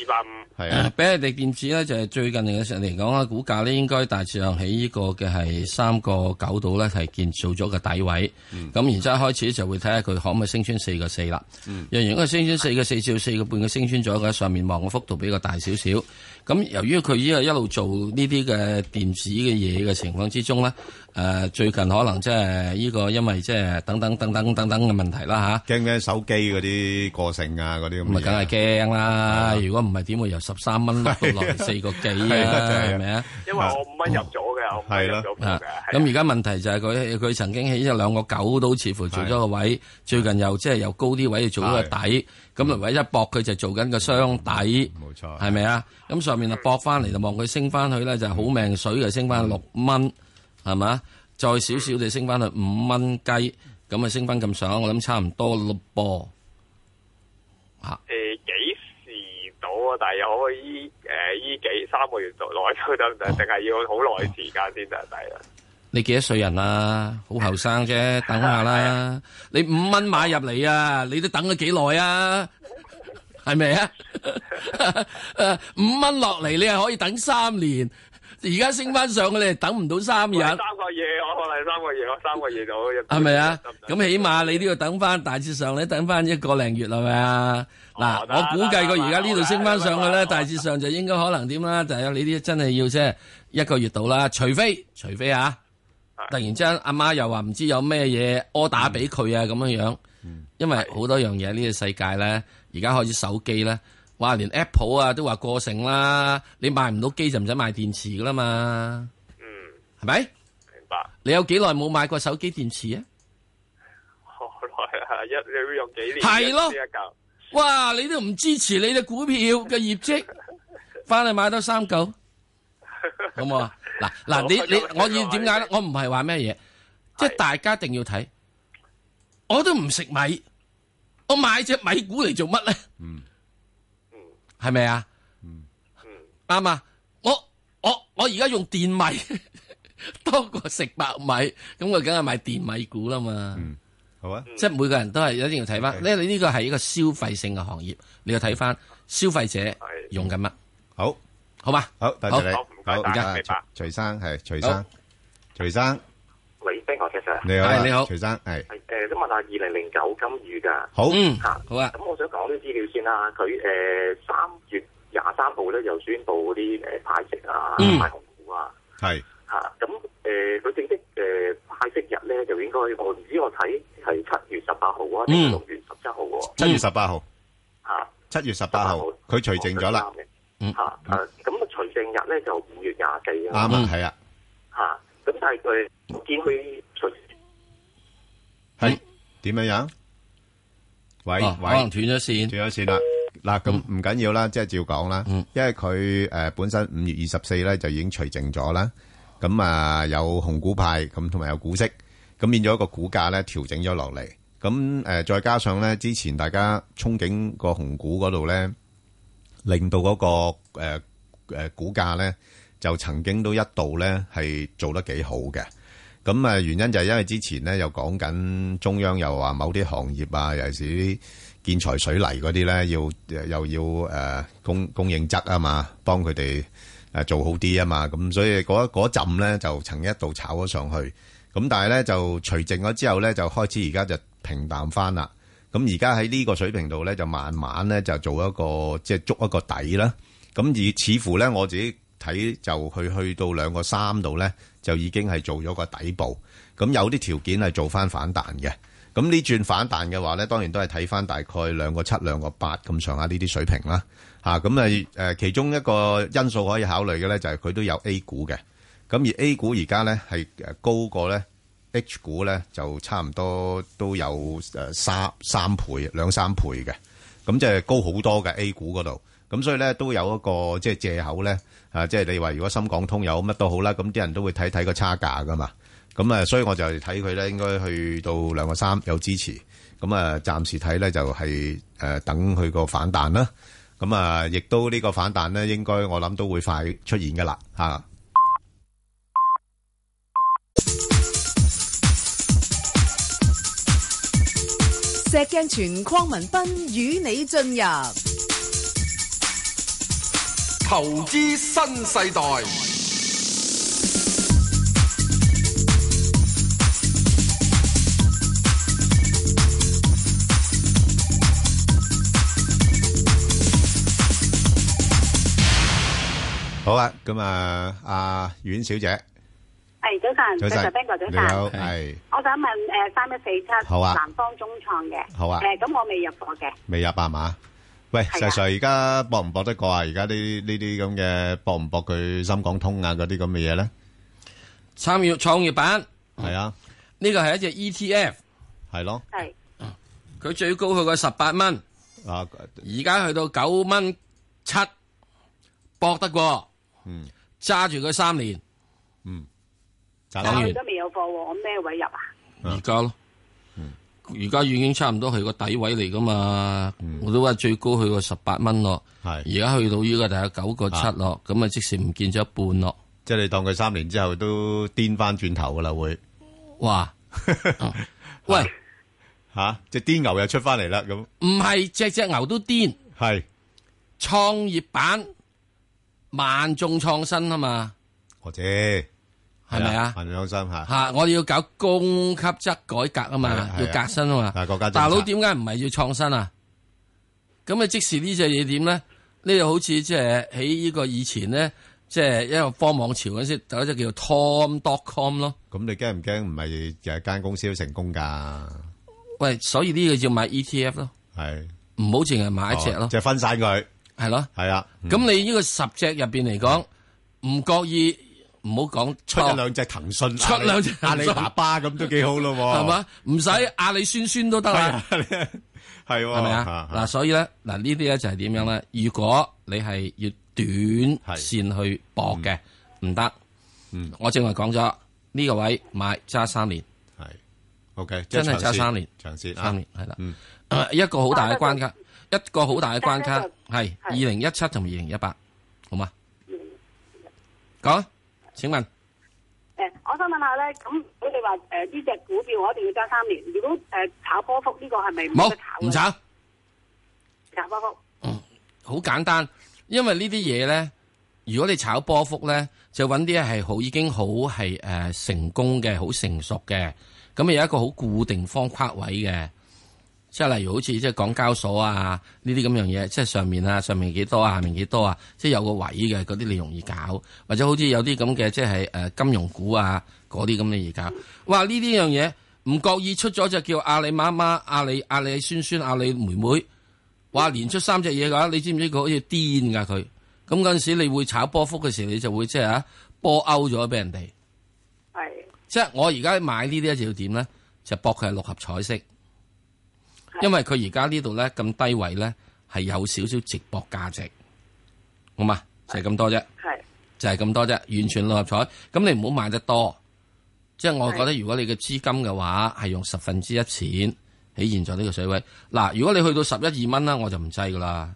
S1: 二百五，係啊，嗯、比亞迪電子咧就
S2: 係、是、最近嚟嘅上嚟講啊，股價咧應該大致上喺呢個嘅係三個九度咧係建造咗個底位，咁、嗯、然之後開始就會睇下佢可唔可以升穿四個四啦，若然佢升穿四個四至四個半嘅升穿咗喺上面望嘅幅度比較大少少。咁由於佢依個一路做呢啲嘅電子嘅嘢嘅情況之中咧，誒最近可能即係呢個因為即係等等等等等等嘅問題啦吓驚唔驚手機啲過剩啊啲咁嘅啊梗係驚啦！如果唔係點會由十三蚊落到落嚟四個幾啊？因為我五蚊入咗。啊係咯，咁而家問題，就係佢佢曾經起咗兩個九，都似乎做咗個位，的最近又即係又高啲位做咗個底，咁嚟位一搏佢就做緊個箱底，冇、嗯、錯，係咪啊？咁的上面啊搏翻嚟就望佢升翻去咧，就係好命水嘅升翻六蚊，係咪？的再少少地升翻去五蚊雞，咁啊升翻咁上，我諗差唔多咯噃，嚇、嗯。
S3: 嗯但又可以依依、呃、幾三個月就耐咗，得，定係要好耐時間
S2: 先得第啦。你幾多歲人啦、啊？好後生啫，等下啦。 你五蚊買入嚟啊？你都等咗幾耐啊？係咪啊？ 五蚊落嚟你係可以等三年，而家升翻上嘅你等唔到三日。三個月我可能
S3: 三個月，我三個月
S2: 就係咪啊？咁起碼你都要等翻大致上咧，你等翻一個零月係咪啊？嗱，我估計佢而家呢度升翻上去咧，大致上就應該可能點啦？就係有呢啲真係要即係一個月到啦，除非除非啊，突然之間阿媽又話唔知有咩嘢柯打俾佢啊咁樣樣，因為好多樣嘢呢個世界咧，而家開始手機咧，哇連 Apple 啊都話過剩啦，你買唔到機就唔使買電池噶啦嘛，嗯，係咪？明白。你有幾耐冇買過手機電池啊？好
S3: 耐啊，一你要用幾年？係咯。
S2: 哇！你都唔支持你隻股票嘅業績，翻去買多三嚿，好唔好啊？嗱嗱，你 你，我要點解咧？我唔係話咩嘢，即係是大家一定要睇。我都唔食米，我買隻米股嚟做乜咧？嗯，係咪啊？嗯嗯，啱啊，嗯！我我我而家用電米多過食白米，咁我梗係買電米股啦嘛。嗯。好啊，即係每個人都係一定要睇翻，呢呢個係一個消費性嘅行業，你要睇翻消費者用緊乜，好好吧，
S1: 好，多謝你，好，大家，徐生係，徐生，徐生，
S3: 你好，你好，你好，徐生係，誒，都問下二零零九金隅噶，好，嗯，吓，好啊，咁我想講啲資料先啦，佢誒三月
S1: 廿三號咧又宣布啲誒派息啊，同股啊，係，吓，咁
S3: 誒佢正式誒。派息日咧就應該我唔知，
S1: 我睇係七月十八號啊，定六月十七號喎。七月十八號，嚇！七月十八號，佢除淨咗啦。嗯，嚇！啊，咁
S3: 啊，除淨日咧就五月廿四啊。啱啊，係啊。嚇！咁但係佢我
S1: 見佢除係點樣樣？喂喂，可能斷咗線。斷咗線啦！嗱，咁唔緊要啦，即係照講啦。因為佢誒本身五月二十四咧就已經除淨咗啦。咁啊，有紅股派，咁同埋有股息，咁變咗一個股價咧調整咗落嚟。咁誒、呃，再加上咧之前大家憧憬個紅股嗰度咧，令到嗰、那個誒、呃、股價咧就曾經都一度咧係做得幾好嘅。咁啊、呃，原因就係因為之前咧又講緊中央又話某啲行業啊，尤其是啲建材水泥嗰啲咧，要又，又要誒、呃、供供應側啊嘛，幫佢哋。誒做好啲啊嘛，咁所以嗰嗰陣咧就曾一度炒咗上去，咁但係咧就除淨咗之後咧，就開始而家就平淡翻啦。咁而家喺呢個水平度咧，就慢慢咧就做一個即係捉一個底啦。咁而似乎咧，我自己睇就去去到兩個三度咧，就已經係做咗個底部。咁有啲條件係做翻反彈嘅。咁呢轉反彈嘅話咧，當然都係睇翻大概兩個七、兩個八咁上下呢啲水平啦。吓，咁啊！誒，其中一個因素可以考慮嘅咧，就係佢都有 A 股嘅。咁而 A 股而家咧係誒高過咧 H 股咧，就差唔多都有誒三三倍兩三倍嘅。咁即係高好多嘅 A 股嗰度。咁所以咧都有一個即係、就是、借口咧啊！即、就、係、是、你話如果深港通有乜都好啦，咁啲人都會睇睇個差價噶嘛。咁啊，所以我就睇佢咧，應該去到兩個三有支持。咁啊，暫時睇咧就係、是、誒、呃、等佢個反彈啦。咁啊，亦、嗯、都呢個反彈呢，應該我諗都會快出現噶啦，吓。石鏡泉，匡文斌與你進入
S2: 投資新世代。
S3: 好啊，
S1: 咁啊，阿阮小姐，係
S3: 早晨，早晨，Sir，早晨，你好，係，我想問，誒，三一四七，好啊，南方中創嘅，好啊，誒，咁我
S1: 未入貨嘅，未入啊嘛，喂，細 Sir，而家博唔博得過啊？而家呢呢啲咁嘅博唔博佢深港通啊？嗰啲咁嘅嘢咧，參與創業板，係啊，
S2: 呢個係一隻 ETF，係咯，係，佢最高去過十八蚊，而家去到九蚊七，博得過。嗯，揸住佢三年，嗯，揸住都未有
S3: 貨，我咩位入啊？
S2: 而家咯，嗯，而家已經差唔多係個底位嚟噶嘛，我都話最高去過十八蚊咯，係，而家去到依家就有九個七咯，咁啊即
S1: 時唔見咗一半咯，即係你當佢三年之後都癲翻轉頭噶啦會，哇，喂，吓，隻癲牛又出翻嚟啦咁，唔係隻隻牛都癲，係創業板。萬
S2: 眾創新啊嘛，或者？係咪啊？
S1: 萬眾創新吓
S2: 吓，吧我哋要搞供給側改革啊嘛，啊要革
S1: 新啊嘛。啊大佬
S2: 點解唔係要創新啊？咁啊，即時呢隻嘢點咧？呢度好似即係喺呢個以前咧，即係一個科網潮嗰時，有一隻叫做 Tom dot com 咯。咁你驚唔驚？唔係
S1: 成間公司都成功
S2: 噶？喂，所以呢個要買 ETF 咯，係唔好淨係買一隻咯，即係分散佢。係咯，係啊。咁你呢個十隻入邊嚟講，唔覺意唔好講出兩隻騰訊，出兩隻阿里巴巴
S1: 咁都幾好咯，係嘛？
S2: 唔使阿里酸酸都得啦，係咪啊？嗱，所以咧，嗱呢啲咧就係點樣咧？如果你係要短線去搏嘅，唔得。嗯，我正話講咗呢個位買揸三年，係，OK，真係揸三年，長線三年，係啦，一個好大嘅關卡。一個好大嘅關卡係二零一七同二零一八，好嘛？講，請問？
S3: 誒，我想問下咧，咁佢哋話誒呢隻股票我一定要揸三年，如果誒炒
S2: 波幅呢個係咪冇得炒？唔炒？炒波幅？好簡單，因為呢啲嘢咧，如果你炒波幅咧，就揾啲係好已經好係誒成功嘅、好成熟嘅，咁啊有一個好固定方框位嘅。即係例如好似即係港交所啊呢啲咁樣嘢，即係上面啊上面幾多啊，下面幾多啊，即係有個位嘅嗰啲你容易搞，或者好似有啲咁嘅即係誒、呃、金融股啊嗰啲咁你易搞。哇呢啲樣嘢唔覺意出咗隻叫阿里媽媽、阿里阿里酸酸、阿里妹妹，哇連出三隻嘢嘅話，你知唔知佢好似癲噶佢？咁嗰陣時你會炒波幅嘅時候，你就會即係啊波勾咗俾人哋。係。即係、啊、的我而家買呢啲一就要點咧？就博佢係六合彩色。因為佢而家呢度咧，咁低位咧，係有少少直播價值，好嘛？是就係咁多啫，就係咁多啫，完全六合彩。咁你唔好買得多，即係我覺得如果你嘅資金嘅話係用十分之一錢喺現在呢個水位嗱。如果你去到十一二蚊啦，我就唔制噶啦。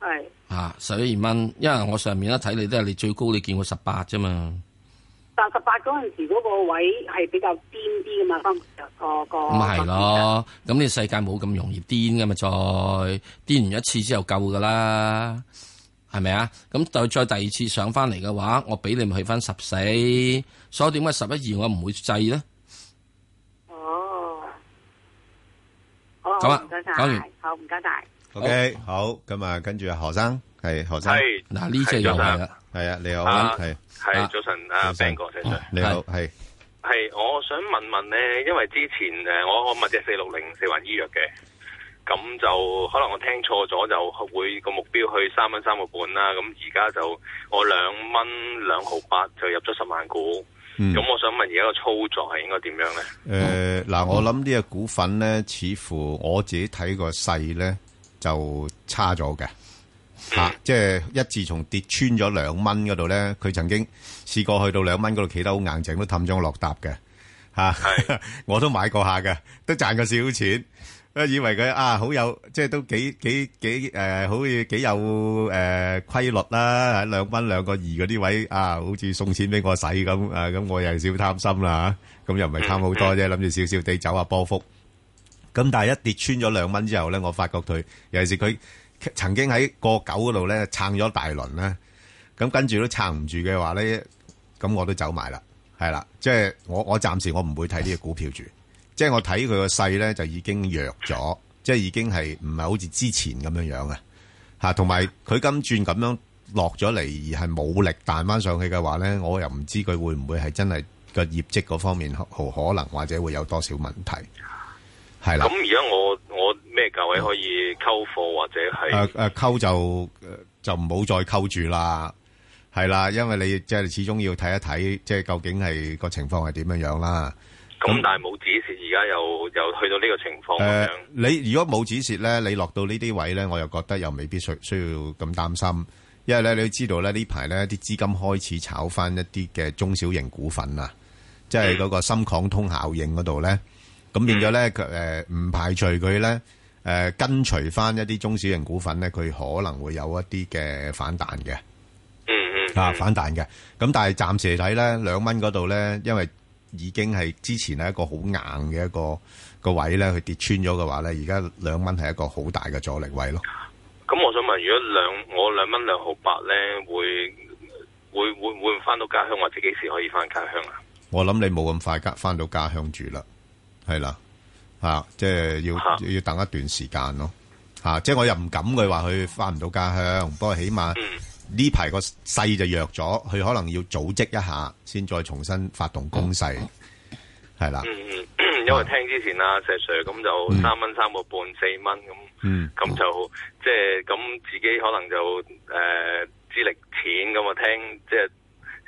S2: 係是啊，十一二蚊，因為我上面一睇你都係你最高，你見過十八啫嘛。
S3: 八十八
S2: 嗰陣時嗰個位係比較癲啲噶嘛，哦、當其時個個唔係咯，咁你世界冇咁容易癲噶嘛，再癲完一次之後夠噶啦，係咪啊？咁再再第二次上翻嚟嘅話，我俾你去翻十四，所以點解十一二我唔會制呢？哦，
S3: 好啊了，唔該晒，謝謝完好唔該晒。謝謝
S1: O K，好咁啊，跟住啊，何生係何生，係嗱呢隻又係啦，係啊，你好係係早晨啊，Ben 哥，早晨，你好係
S3: 係，我想問問咧，因為之前誒，我我問隻四六零四環醫藥嘅，咁就可能我聽錯咗，就會個目標去三蚊三個半啦。咁而家就我兩蚊兩毫八就入咗十萬股，咁我想問而家個操作係應該點樣咧？
S1: 誒，嗱，我諗呢隻股份咧，似乎我自己睇個勢咧。就差咗嘅，嚇！即係一自從跌穿咗兩蚊嗰度咧，佢曾經試過去到兩蚊嗰度企得好硬淨都氹咗我落搭嘅，嚇！我都買過下嘅，都賺過少少錢，都以為佢啊好有，即係都幾幾幾誒，好似幾有誒規律啦，兩蚊兩個二嗰啲位啊，好似送錢俾我使咁啊！咁我又少貪心啦，吓，咁又唔係貪好多啫，諗住少少地走下波幅。咁但係一跌穿咗兩蚊之後咧，我發覺佢尤其是佢曾經喺過九嗰度咧撐咗大輪咧，咁跟住都撐唔住嘅話咧，咁我都走埋啦。係啦，即係我我暫時我唔會睇呢個股票住，即係我睇佢個勢咧就已經弱咗，即係已經係唔係好似之前咁樣樣嘅吓，同埋佢今轉咁樣落咗嚟，而係冇力彈翻上去嘅話咧，我又唔知佢會唔會係真係個業績嗰方面好可能或者會有多少問題。係啦，咁
S3: 而家我我咩價位可以溝貨或
S1: 者係誒誒，溝、啊啊、就就唔好再溝住啦，係啦，因為你即係、就是、始終要睇一睇，即、就、係、是、究竟係那但個情況係點、呃、樣樣啦。咁但係
S3: 冇指示，而家又又去到呢個情況。
S1: 你如果冇指示咧，你落到呢啲位咧，我又覺得又未必需要需要咁擔心，因為咧，你知道咧呢排咧啲資金開始炒翻一啲嘅中小型股份啊，即係嗰個深港通效應嗰度咧。嗯咁變咗咧，佢誒唔排除佢咧，誒、呃、跟隨翻一啲中小型股份咧，佢可能會有一啲嘅反彈嘅、嗯。嗯嗯。啊，反彈嘅。咁但係暫時嚟睇咧，兩蚊嗰度咧，因為已經係之前係一個好硬嘅一個一個位咧，佢跌穿咗嘅話咧，而家兩蚊係一個好大嘅阻力位咯。
S3: 咁我想問，如果兩我兩蚊兩毫八咧，會會會唔會翻到家鄉，或者幾時可以翻家鄉
S1: 啊？我諗你冇咁快翻翻到家鄉住啦。係啦，吓、啊、即係要要等一段時間咯，吓、啊、即係我又唔敢佢話佢翻唔到家鄉，不過起碼呢排個勢就弱咗，佢可能要組織一下，先再重新發動攻勢，係啦。嗯
S3: 嗯，的因為聽之前阿石 Sir 咁就三蚊三個半四蚊咁，咁、嗯、就即係咁自己可能就誒資力淺咁啊聽即係。就是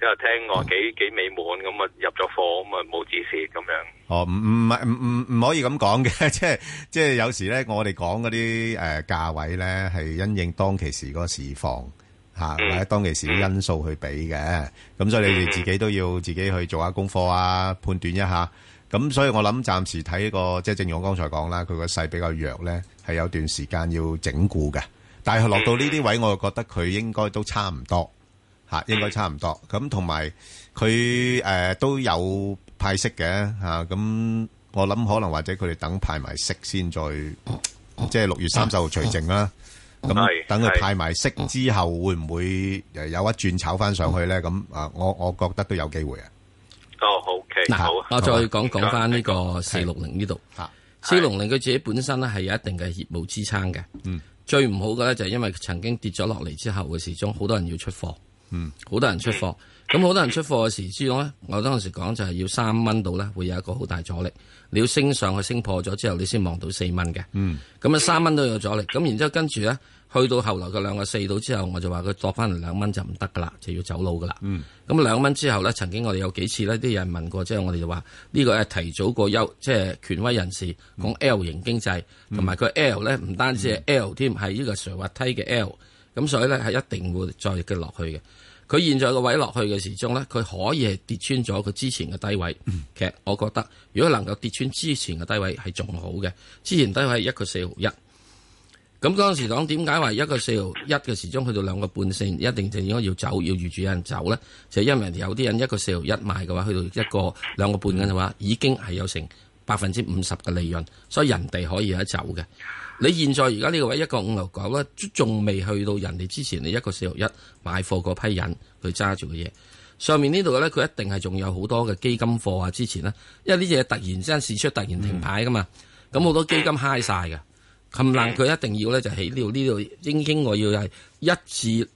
S3: 即係
S1: 聽我幾幾美滿咁啊，入咗貨咁啊冇止蝕咁樣。哦，唔唔係唔唔唔可以咁講嘅，即係即係有時咧，我哋講嗰啲誒價位咧係因應當其時嗰個市況吓，或者、嗯、當期時啲因素去俾嘅。咁、嗯、所以你哋自己都要自己去做下功課啊，判斷一下。咁所以我諗暫時睇個即係、就是、正如我剛才講啦，佢個勢比較弱咧，係有段時間要整固嘅。但係落到呢啲位，嗯、我又覺得佢應該都差唔多。吓，應該差唔多咁，同埋佢誒都有派息嘅吓。咁、啊、我諗可能或者佢哋等派埋息先，再即係六月三十號除淨啦。咁、啊、等佢派埋息之後，會唔會誒有一轉炒翻上去咧？咁啊，我我覺得都有機會嘅。哦
S2: ，OK 嗱，好。我再講講翻呢個四六零呢度。吓、嗯，四六零佢自己本身咧係有一定嘅業務支撐嘅。嗯，最唔好嘅咧就係因為曾經跌咗落嚟之後嘅始終，好多人要出貨。嗯，好多人出貨，咁好多人出貨嘅時，知道咧，我當時講就係要三蚊度咧，會有一個好大阻力，你要升上去，升破咗之後，你先望到四蚊嘅。嗯，咁啊三蚊都有阻力，咁然之後跟住咧，去到後來個兩個四度之後，我就話佢落翻嚟兩蚊就唔得噶啦，就要走佬噶啦。嗯，咁兩蚊之後咧，曾經我哋有幾次咧，啲人問過，即係我哋就話呢個係提早過優，即係權威人士講 L 型經濟，同埋佢 L 咧唔單止係 L 添、嗯，係呢個上滑、嗯、梯嘅 L。咁所以咧係一定會再跌落去嘅。佢現在個位落去嘅時鐘咧，佢可以係跌穿咗佢之前嘅低位。嗯、其實我覺得，如果能夠跌穿之前嘅低位係仲好嘅。之前低位一個四毫一。咁當時講點解話一個四毫一嘅時鐘去到兩個半先，一定就應該要走，要預住有人走咧？就是、因為有啲人一個四毫一賣嘅話，去到一個兩個半蚊嘅話，已經係有成百分之五十嘅利潤，所以人哋可以有得走嘅。你現在而家呢個位一個五六九咧，仲未去到人哋之前，你一個四六一買貨嗰批人去揸住嘅嘢。上面呢度咧，佢一定係仲有好多嘅基金貨啊。之前呢，因為呢隻嘢，突然之間事出突然停牌㗎嘛，咁、嗯、好、嗯、多基金 high 晒㗎，冚唥佢一定要咧就喺呢度呢度，嗯這個這個，應應我要係一至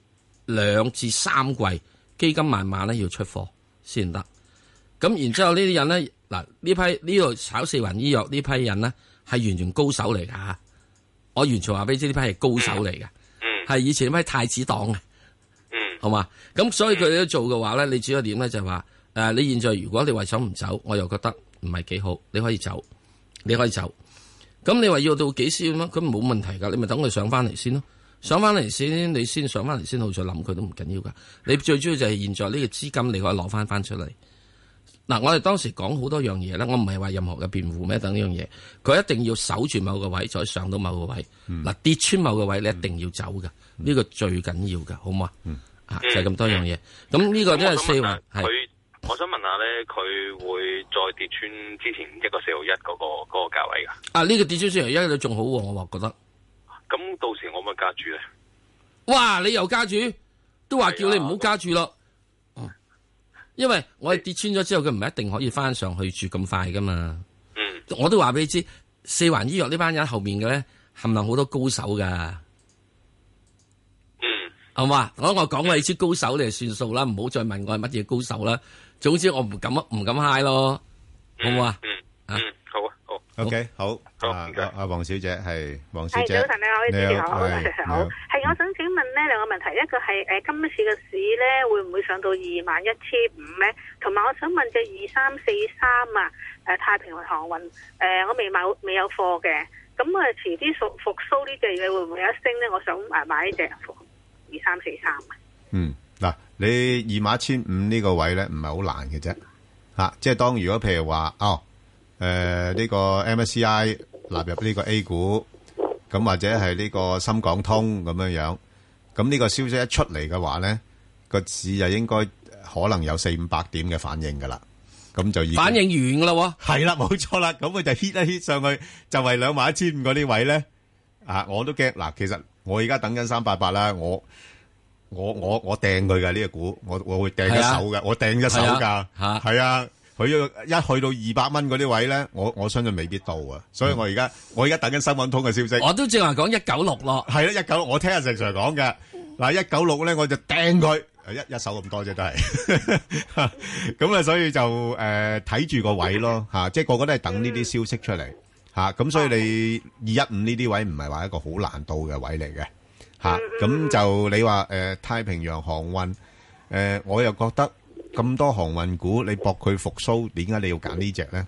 S2: 兩至三季基金慢慢咧要出貨先得。咁、嗯、然之後呢啲人咧，嗱呢批呢度炒四環醫藥呢批人咧，係完全高手嚟㗎。我完全話俾你知，呢批係高手嚟嘅，係、嗯、以前咩太子黨嘅，嗯、好嘛？咁所以佢哋都做嘅話咧，你主要點咧就話、是、誒、呃，你現在如果你為咗唔走，我又覺得唔係幾好，你可以走，你可以走，咁你話要到幾時咁樣？咁冇問題噶，你咪等佢上翻嚟先咯，上翻嚟先，你先上翻嚟先好再諗佢都唔緊要噶。你最主要就係現在呢個資金，你可以攞翻翻出嚟。嗱，我哋當時講好多樣嘢咧，我唔係話任何嘅辯護咩？等呢樣嘢，佢一定要守住某個位，再上到某個位。嗱、嗯，跌穿某個位，你一定要走噶，呢個、嗯、最緊要噶，好唔好、嗯、啊？就係、是、咁多樣嘢。咁呢、嗯啊這個都係四毫。佢、啊，
S3: 我想問下咧，佢會再跌穿之前一個四毫一嗰、那個嗰、那個價位噶？
S2: 啊，呢、這個跌穿四毫一都仲好喎、啊，我話覺得。
S3: 咁到時我咪加注咧？
S2: 哇，你又加注？都話叫你唔好加注咯。因為我哋跌穿咗之後，佢唔一定可以翻上去住咁快噶嘛。嗯，我都話俾你知，四環醫藥呢班人後面嘅咧，含留好多高手噶。嗯，係 嘛，我我講過你知高手你就算數啦，唔好再問我係乜嘢高手啦。總之我唔敢唔敢 high 咯，好唔好
S1: 啊？嗯。OK，好，好啊，阿黃小姐係黃是小姐早晨，你好，好你好，你好，
S3: 係、嗯，我想請問呢兩個問題，一個係誒今次嘅市咧會唔會上到二萬一千五咧？同埋我想問隻二三四三啊，誒，太平洋航運誒，我未買未有貨嘅，咁啊，遲啲復復甦呢隻嘢，會唔會有一升咧？我想啊買呢隻二三四
S1: 三啊。嗯，嗱，你二萬一千五呢個位咧唔係好難嘅啫，吓，即係當如果譬如話哦。誒，呢個 MSCI 納入呢個 A 股，咁或者係呢個深港通咁樣樣，咁呢個消息一出嚟嘅話咧，個市就應該可能有四五百點嘅反應噶啦，咁就反應完噶啦，係啦，冇錯啦，咁佢就 hit 一 hit 上去，就係兩萬一千五嗰啲位咧，啊，我都驚，嗱，其實我而家等緊三八八啦，我我我我掟佢嘅呢個股，我我會掟一手嘅，我掟一手噶，係啊。佢一去到二百蚊嗰啲位咧，我我相信未必到啊！所以我而家我而家等緊新聞通嘅消息。我都正話講一九六咯，係咯一九六，我聽阿 Sir 講嘅嗱，一九六咧，我就掟佢一一手咁多啫，都係咁啊！所以就誒睇住個位咯吓，即係個個都係等呢啲消息出嚟吓。咁所以你二一五呢啲位唔係話一個好難到嘅位嚟嘅吓。咁就你話誒太平洋航運誒，我又覺得。咁多航運股，你搏佢復甦，點解你要揀呢隻咧？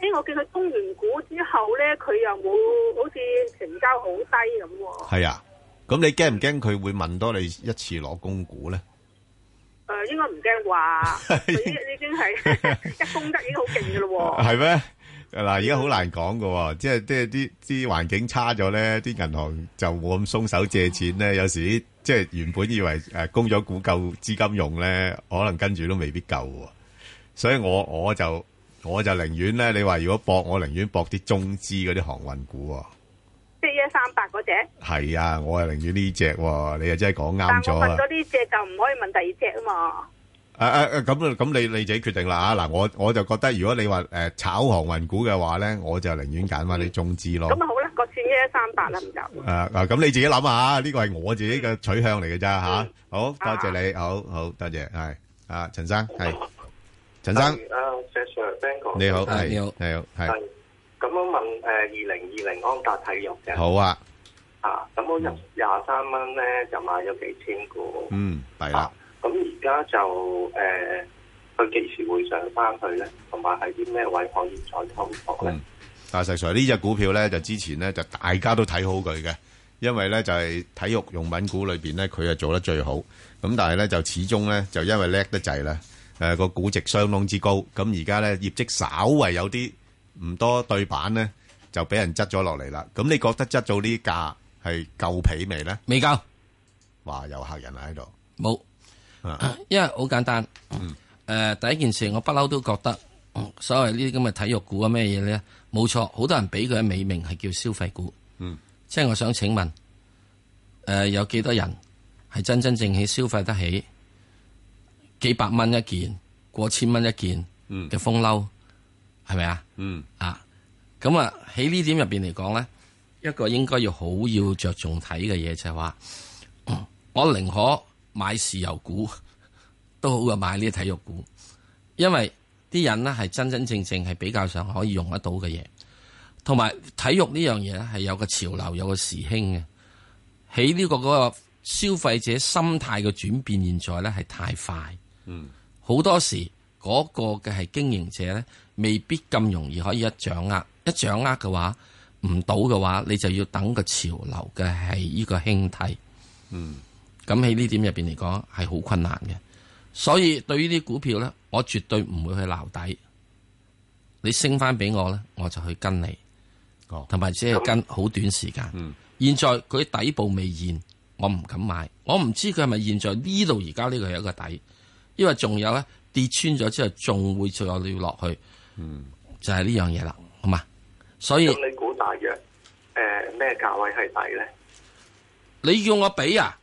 S3: 誒、欸，我見佢供完股之後咧，佢又冇好似成交好低咁喎。係
S1: 啊，咁你驚唔驚佢會問多你一次攞供股咧？
S3: 誒、呃，應該唔驚啩，佢 已經係 一供得已經好勁噶咯喎。係
S1: 咩？ 嗱，而家好難講噶，即係即係啲啲環境差咗咧，啲銀行就冇咁鬆手借錢咧。有時即係原本以為誒供咗股夠資金用咧，可能跟住都未必夠。所以我我就我就寧願咧，你話如果搏，我寧願搏啲中資嗰啲航運股。即
S3: 係一三八
S1: 嗰隻。係啊，我係寧願呢隻，你又真係講啱咗啦。但係問咗呢隻就唔
S3: 可以問第二隻啊嘛。
S1: 誒誒誒，咁啊，咁你你自己決定啦吓。嗱，我我就覺得，如果你話誒炒航運股嘅話咧，我就寧願揀返你中資咯。咁
S3: 啊好啦，各占一三八啦，唔
S1: 同。誒嗱，咁你自己諗啊吓，呢個係我自己嘅取向嚟嘅咋吓。好多謝你，好好多謝，係啊，陳生係，陳生啊，Sir，你好，你好，你好，係。咁我問誒，二零二
S3: 零安踏體育嘅好啊，啊，咁我入廿三蚊咧就買咗幾
S1: 千股，嗯，係啦。
S3: 咁而家就誒，佢、
S1: 呃、幾時會上翻去咧？同埋係啲咩位可以再購入咧？嗯，阿石 Sir，呢隻股票咧，就之前咧就大家都睇好佢嘅，因為咧就係、是、體育用品股裏邊咧，佢係做得最好。咁但係咧就始終咧就因為叻得滯咧，誒個估值相當之高。咁而家咧業績稍為有啲唔多對板咧，就俾人執咗落嚟啦。咁你覺得執咗呢價係夠皮未咧？未夠話有客人喺度冇。
S2: 因為好簡單，誒、呃，第一件事我不嬲都覺得，呃、所謂呢啲咁嘅體育股啊，咩嘢咧？冇錯，好多人俾佢嘅美名係叫消費股。
S3: 嗯，
S2: 即係我想請問，誒、呃，有幾多人係真真正正消費得起幾百蚊一件、過千蚊一件嘅風褸？係咪、嗯嗯、啊？嗯，啊，咁啊，喺呢點入邊嚟講咧，一個應該要好要着重睇嘅嘢就係、是、話、呃，我寧可。買石油股都好過買呢啲體育股，因為啲人咧係真真正正係比較上可以用得到嘅嘢，同埋體育呢樣嘢咧係有個潮流，有個時興嘅。喺呢個嗰個消費者心態嘅轉變，現在咧係太快。嗯，好多時嗰個嘅係經營者咧未必咁容易可以一掌握，一掌握嘅話唔到嘅話，你就要等個潮流嘅係呢個興起。嗯。咁喺呢點入邊嚟講係好困難嘅，所以對於啲股票咧，我絕對唔會去撈底。你升翻俾我咧，我就去跟你，同埋只係跟好短時間。嗯、現在佢底部未現，我唔敢買。我唔知佢係咪現在呢度而家呢個係一個底，因為仲有咧跌穿咗之後，仲會再要落去。嗯，就係呢樣嘢啦，好嘛？所以你估大約誒咩價位係底咧？你叫我俾啊？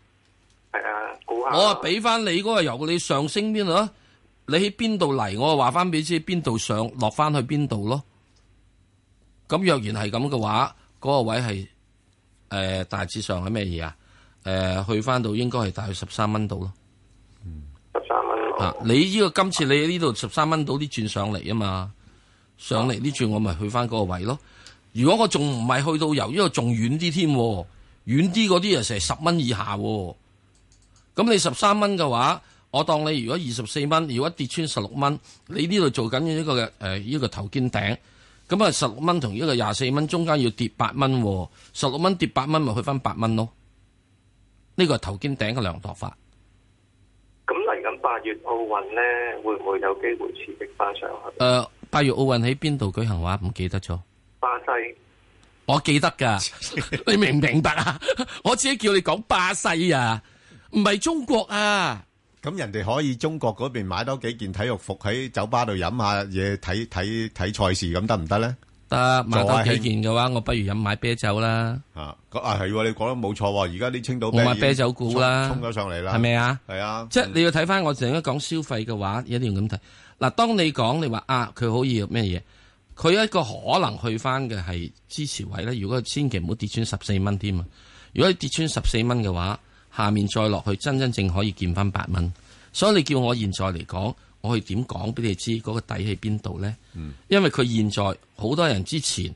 S2: 係啊，我啊俾翻你嗰個由你上升邊度咯。你喺邊度嚟，我啊話翻俾知邊度上落翻去邊度咯。咁若然係咁嘅話，嗰、嗰個位係誒、呃，大致上係咩嘢啊？誒、呃，去翻到應該係大約十三蚊度咯。十三蚊啊！你呢、呢個今次你喺呢度十三蚊到啲轉上嚟啊嘛，上嚟呢轉我咪去翻嗰個位咯。如果我仲唔係去到由呢個仲遠啲添，遠啲嗰啲又成十蚊以下。咁你十三蚊嘅話，我當你如果二十四蚊，如果跌穿十六蚊，你呢度做緊一個嘅誒，一、呃這個頭肩頂。咁、嗯、啊，十六蚊同一個廿四蚊中間要跌八蚊、哦，十六蚊跌八蚊咪去翻八蚊咯。呢、這個係頭肩頂嘅量度法。
S3: 咁嚟緊八月奧運呢，會唔會
S2: 有機會刺激翻上去？誒、呃，八月奧運喺邊度舉行話唔記得咗？巴西，我記得噶， 你明唔明白啊？ 我自己叫你講巴
S1: 西啊！唔係中國啊！咁人哋可以中國嗰邊買多幾件體育服喺酒吧度飲下嘢睇睇睇賽事，咁得唔得咧？
S2: 得、啊、買多幾件
S1: 嘅話，我不如飲買啤酒啦。吓、啊，咁啊係你講得冇錯。而家啲青島啤、啤酒股啦，衝咗上嚟啦，係咪啊？係啊！嗯、即
S2: 係你要睇翻，我陣間講消費嘅話，一定要咁睇。嗱、啊，當你講你話啊，佢可以咩嘢？佢一個可能去翻嘅係支持位咧。如果千祈唔好跌穿十四蚊添啊！如果你跌穿十四蚊嘅話，下面再落去，真真正可以見翻八蚊。所以你叫我現在嚟講，我去點講俾你知嗰個底喺邊度呢？嗯、因為佢現在好多人之前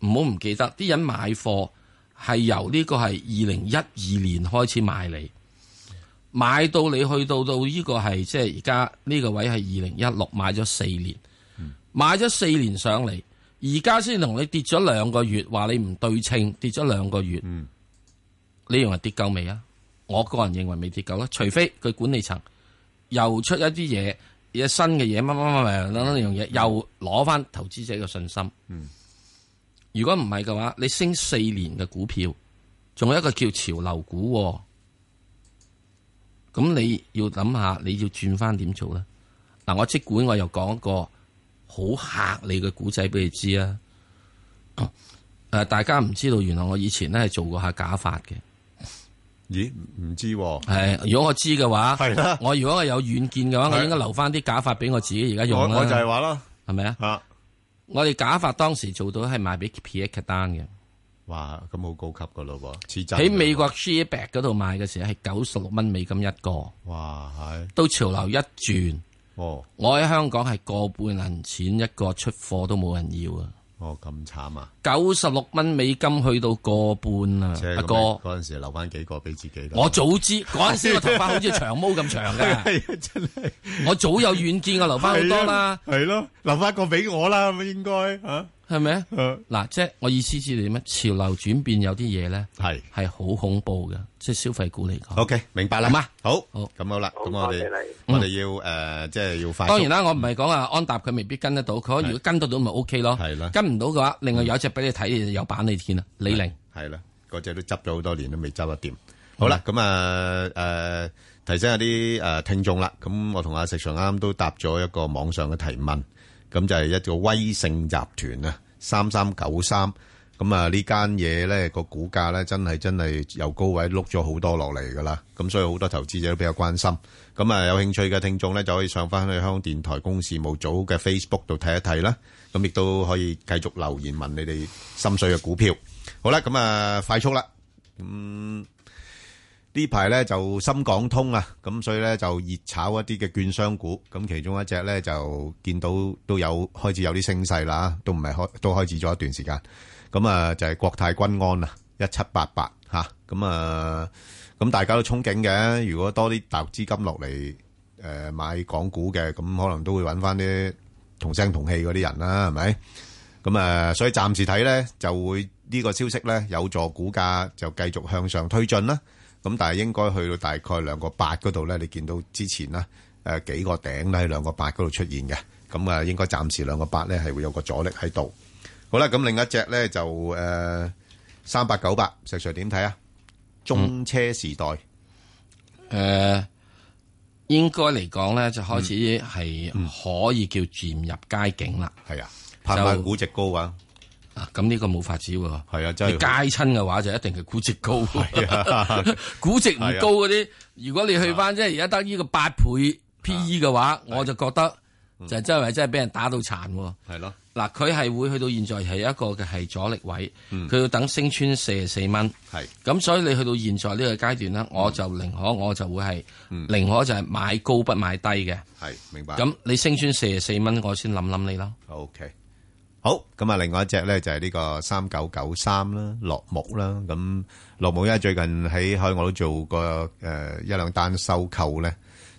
S2: 唔好唔記得，啲人買貨係由呢個係二零一二年開始買，你買到你去到到呢個係即係而家呢個位係二零一六，買咗四年，嗯、買咗四年上嚟，而家先同你跌咗兩個月，話你唔對稱跌咗兩個月，嗯、你認為跌夠未啊？我個人認為未跌夠啦，除非佢管理層又出一啲嘢，一新嘅嘢乜乜乜乜，等等呢樣嘢，又攞翻投資者嘅信心。嗯、如果唔係嘅話，你升四年嘅股票，仲有一個叫潮流股、哦，咁你要諗下，你要轉翻點做咧？嗱、啊，我即管我又講一個好嚇你嘅故仔俾你知啊！誒、呃，大家唔知道，原來我以前咧係做過下假髮嘅。
S1: 咦，唔知
S2: 係、喔、如果我知嘅話 我，我如果我有遠見嘅話， 我應該留翻啲假髮俾我自己而家用。我，我就係話啦，係咪啊？吓，我哋假髮當時做到係賣俾皮爾卡丹嘅。
S1: 哇，咁好高級噶咯
S2: 喎！喺美國 Sheerback 嗰度賣嘅時候係九十六蚊美金一個。哇，係。到潮流一轉，哦、我喺香港係個半銀錢一個出貨都冇
S1: 人要啊。哦，咁慘啊！
S2: 九十六蚊美金去到個半啊！阿哥嗰
S1: 陣時留翻幾個俾自己啦。我早知嗰陣 時個頭髮好似長毛咁長嘅，係啊！真係我早有遠見， 啊，留翻好多啦。係咯，留翻個俾我啦，應該嚇。
S2: 係咪啊？嗱，即係我意思係點啊？潮流轉變有啲嘢咧，係係
S1: 好恐怖嘅，即係消費股嚟講。O K，明白啦嘛？好，好，咁好啦。咁我哋我哋要誒，即係要快。當然啦，我唔係
S2: 講啊安踏，佢未必跟得到。佢如果跟得到，咪 O K 咯。係咯。跟唔到嘅話，另外有一隻俾你睇，有板
S1: 你填啊。李寧係啦，嗰隻都執咗好多年，都未執得掂。好啦，咁啊誒，提醒下啲誒聽眾啦。咁我同阿食常啱啱都答咗一個網上嘅提問。咁就係一個威勝集團啊，三三九三。咁啊，呢間嘢，呢個股價呢，真係真係由高位碌咗好多落嚟噶啦，咁所以好多投資者都比較關心。咁啊，有興趣嘅聽眾呢就可以上翻去香港電台公事務組嘅 Facebook 度睇一睇啦，咁亦都可以繼續留言問你哋心水嘅股票。好啦，咁啊快速啦，嗯。呢排咧就深港通啊，咁所以咧就熱炒一啲嘅券商股，咁其中一隻咧就見到都有開始有啲聲勢啦，都唔係開都開始咗一段時間。咁啊就係國泰君安啦，一七八八吓，咁啊咁大家都憧憬嘅。如果多啲大陸資金落嚟誒買港股嘅，咁可能都會揾翻啲同聲同氣嗰啲人啦，係咪？咁啊，所以暫時睇咧就會呢個消息咧有助股價就繼續向上推進啦。咁但係應該去到大概兩個八嗰度咧，你見到之前啦，誒、呃、幾個頂咧喺兩個八嗰度出現嘅，咁啊應該暫時兩個八咧係會有個阻力喺度。好啦，咁另一隻咧就誒、呃、三八九八，石 s i 點睇啊？中車時代誒、嗯嗯嗯嗯、應該
S2: 嚟講咧就開始係可以叫漸入街景啦。係啊，拍就估值高啊！啊，咁呢個冇法子喎。係啊，你街親嘅話就一定係估值高。估值唔高嗰啲，如果你去翻即係而家得呢個八倍 P E 嘅話，我就覺得就係周圍真係俾人打到殘。係咯，嗱佢係會去到現在係一個嘅係阻力位，佢要等升穿四十四蚊。係，咁所以你去到現在呢個階段呢，我就寧可我就會係寧可就係買高不
S1: 買低嘅。係，明白。咁你升穿四十四蚊，我先諗諗你啦。OK。好，咁啊，另外一隻咧就係呢個三九九三啦，洛鉬啦。咁洛鉬依家最近喺海外都做過誒一兩單收購咧，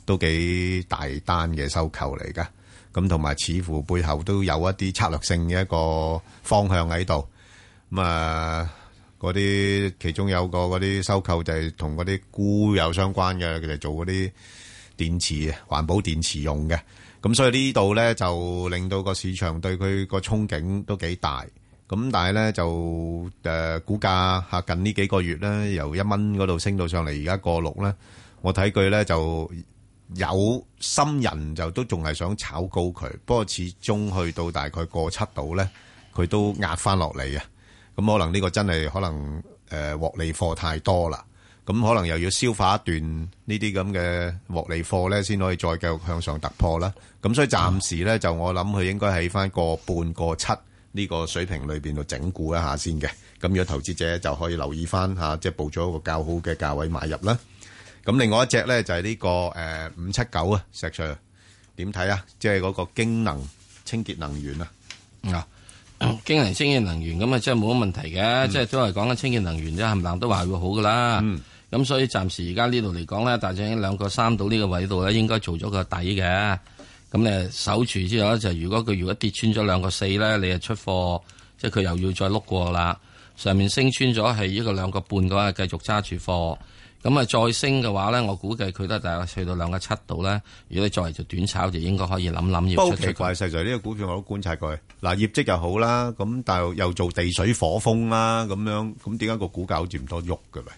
S1: 都幾大單嘅收購嚟噶。咁同埋似乎背後都有一啲策略性嘅一個方向喺度。咁啊，嗰啲其中有個嗰啲收購就係同嗰啲鈷有相關嘅，佢哋做嗰啲電池啊，環保電池用嘅。咁所以呢度呢，就令到個市場對佢個憧憬都幾大，咁但係呢，就誒、呃、股價吓近呢幾個月呢，由一蚊嗰度升到上嚟而家過六呢，我睇佢呢，就有心人就都仲係想炒高佢，不過始終去到大概過七度呢，佢都壓翻落嚟啊！咁可能呢個真係可能誒獲、呃、利貨太多啦。咁可能又要消化一段呢啲咁嘅獲利貨咧，先可以再繼續向上突破啦。咁所以暫時咧，就我諗佢應該喺翻個半個七呢個水平裏邊度整固一下先嘅。咁如果投資者就可以留意翻吓，即係部署咗一個較好嘅價位買入啦。咁另外一隻咧就係呢個誒五七九啊，石 Sir 點睇啊？即係嗰個京能清潔能源啊，
S2: 京能清潔能源咁啊，即係冇乜問題嘅，即係都係講緊清潔能源啫，冚唪唥都話會好噶啦。咁、嗯、所以暫時而家呢度嚟講咧，大正兩個三度呢個位度咧，應該做咗個底嘅。咁、嗯、咧守住之後咧，就是、如果佢如果跌穿咗兩個四咧，你就出貨，即係佢又要再碌過啦。上面升穿咗係呢個兩個半嘅話，繼續揸住貨。咁、嗯、啊、嗯嗯、再升嘅話咧，我估計佢都係大概去到兩個七度咧。
S1: 如果你再做短炒，就應該可以諗諗要出貨。奇怪，實在呢個股票我都觀察過。嗱，業績又好啦，咁但又做地水火風啦，咁樣咁點解個股價好似唔多喐嘅？咪？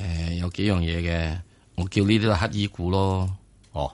S2: 誒、呃、有幾樣嘢嘅，我叫呢啲都乞衣股咯，
S3: 哦。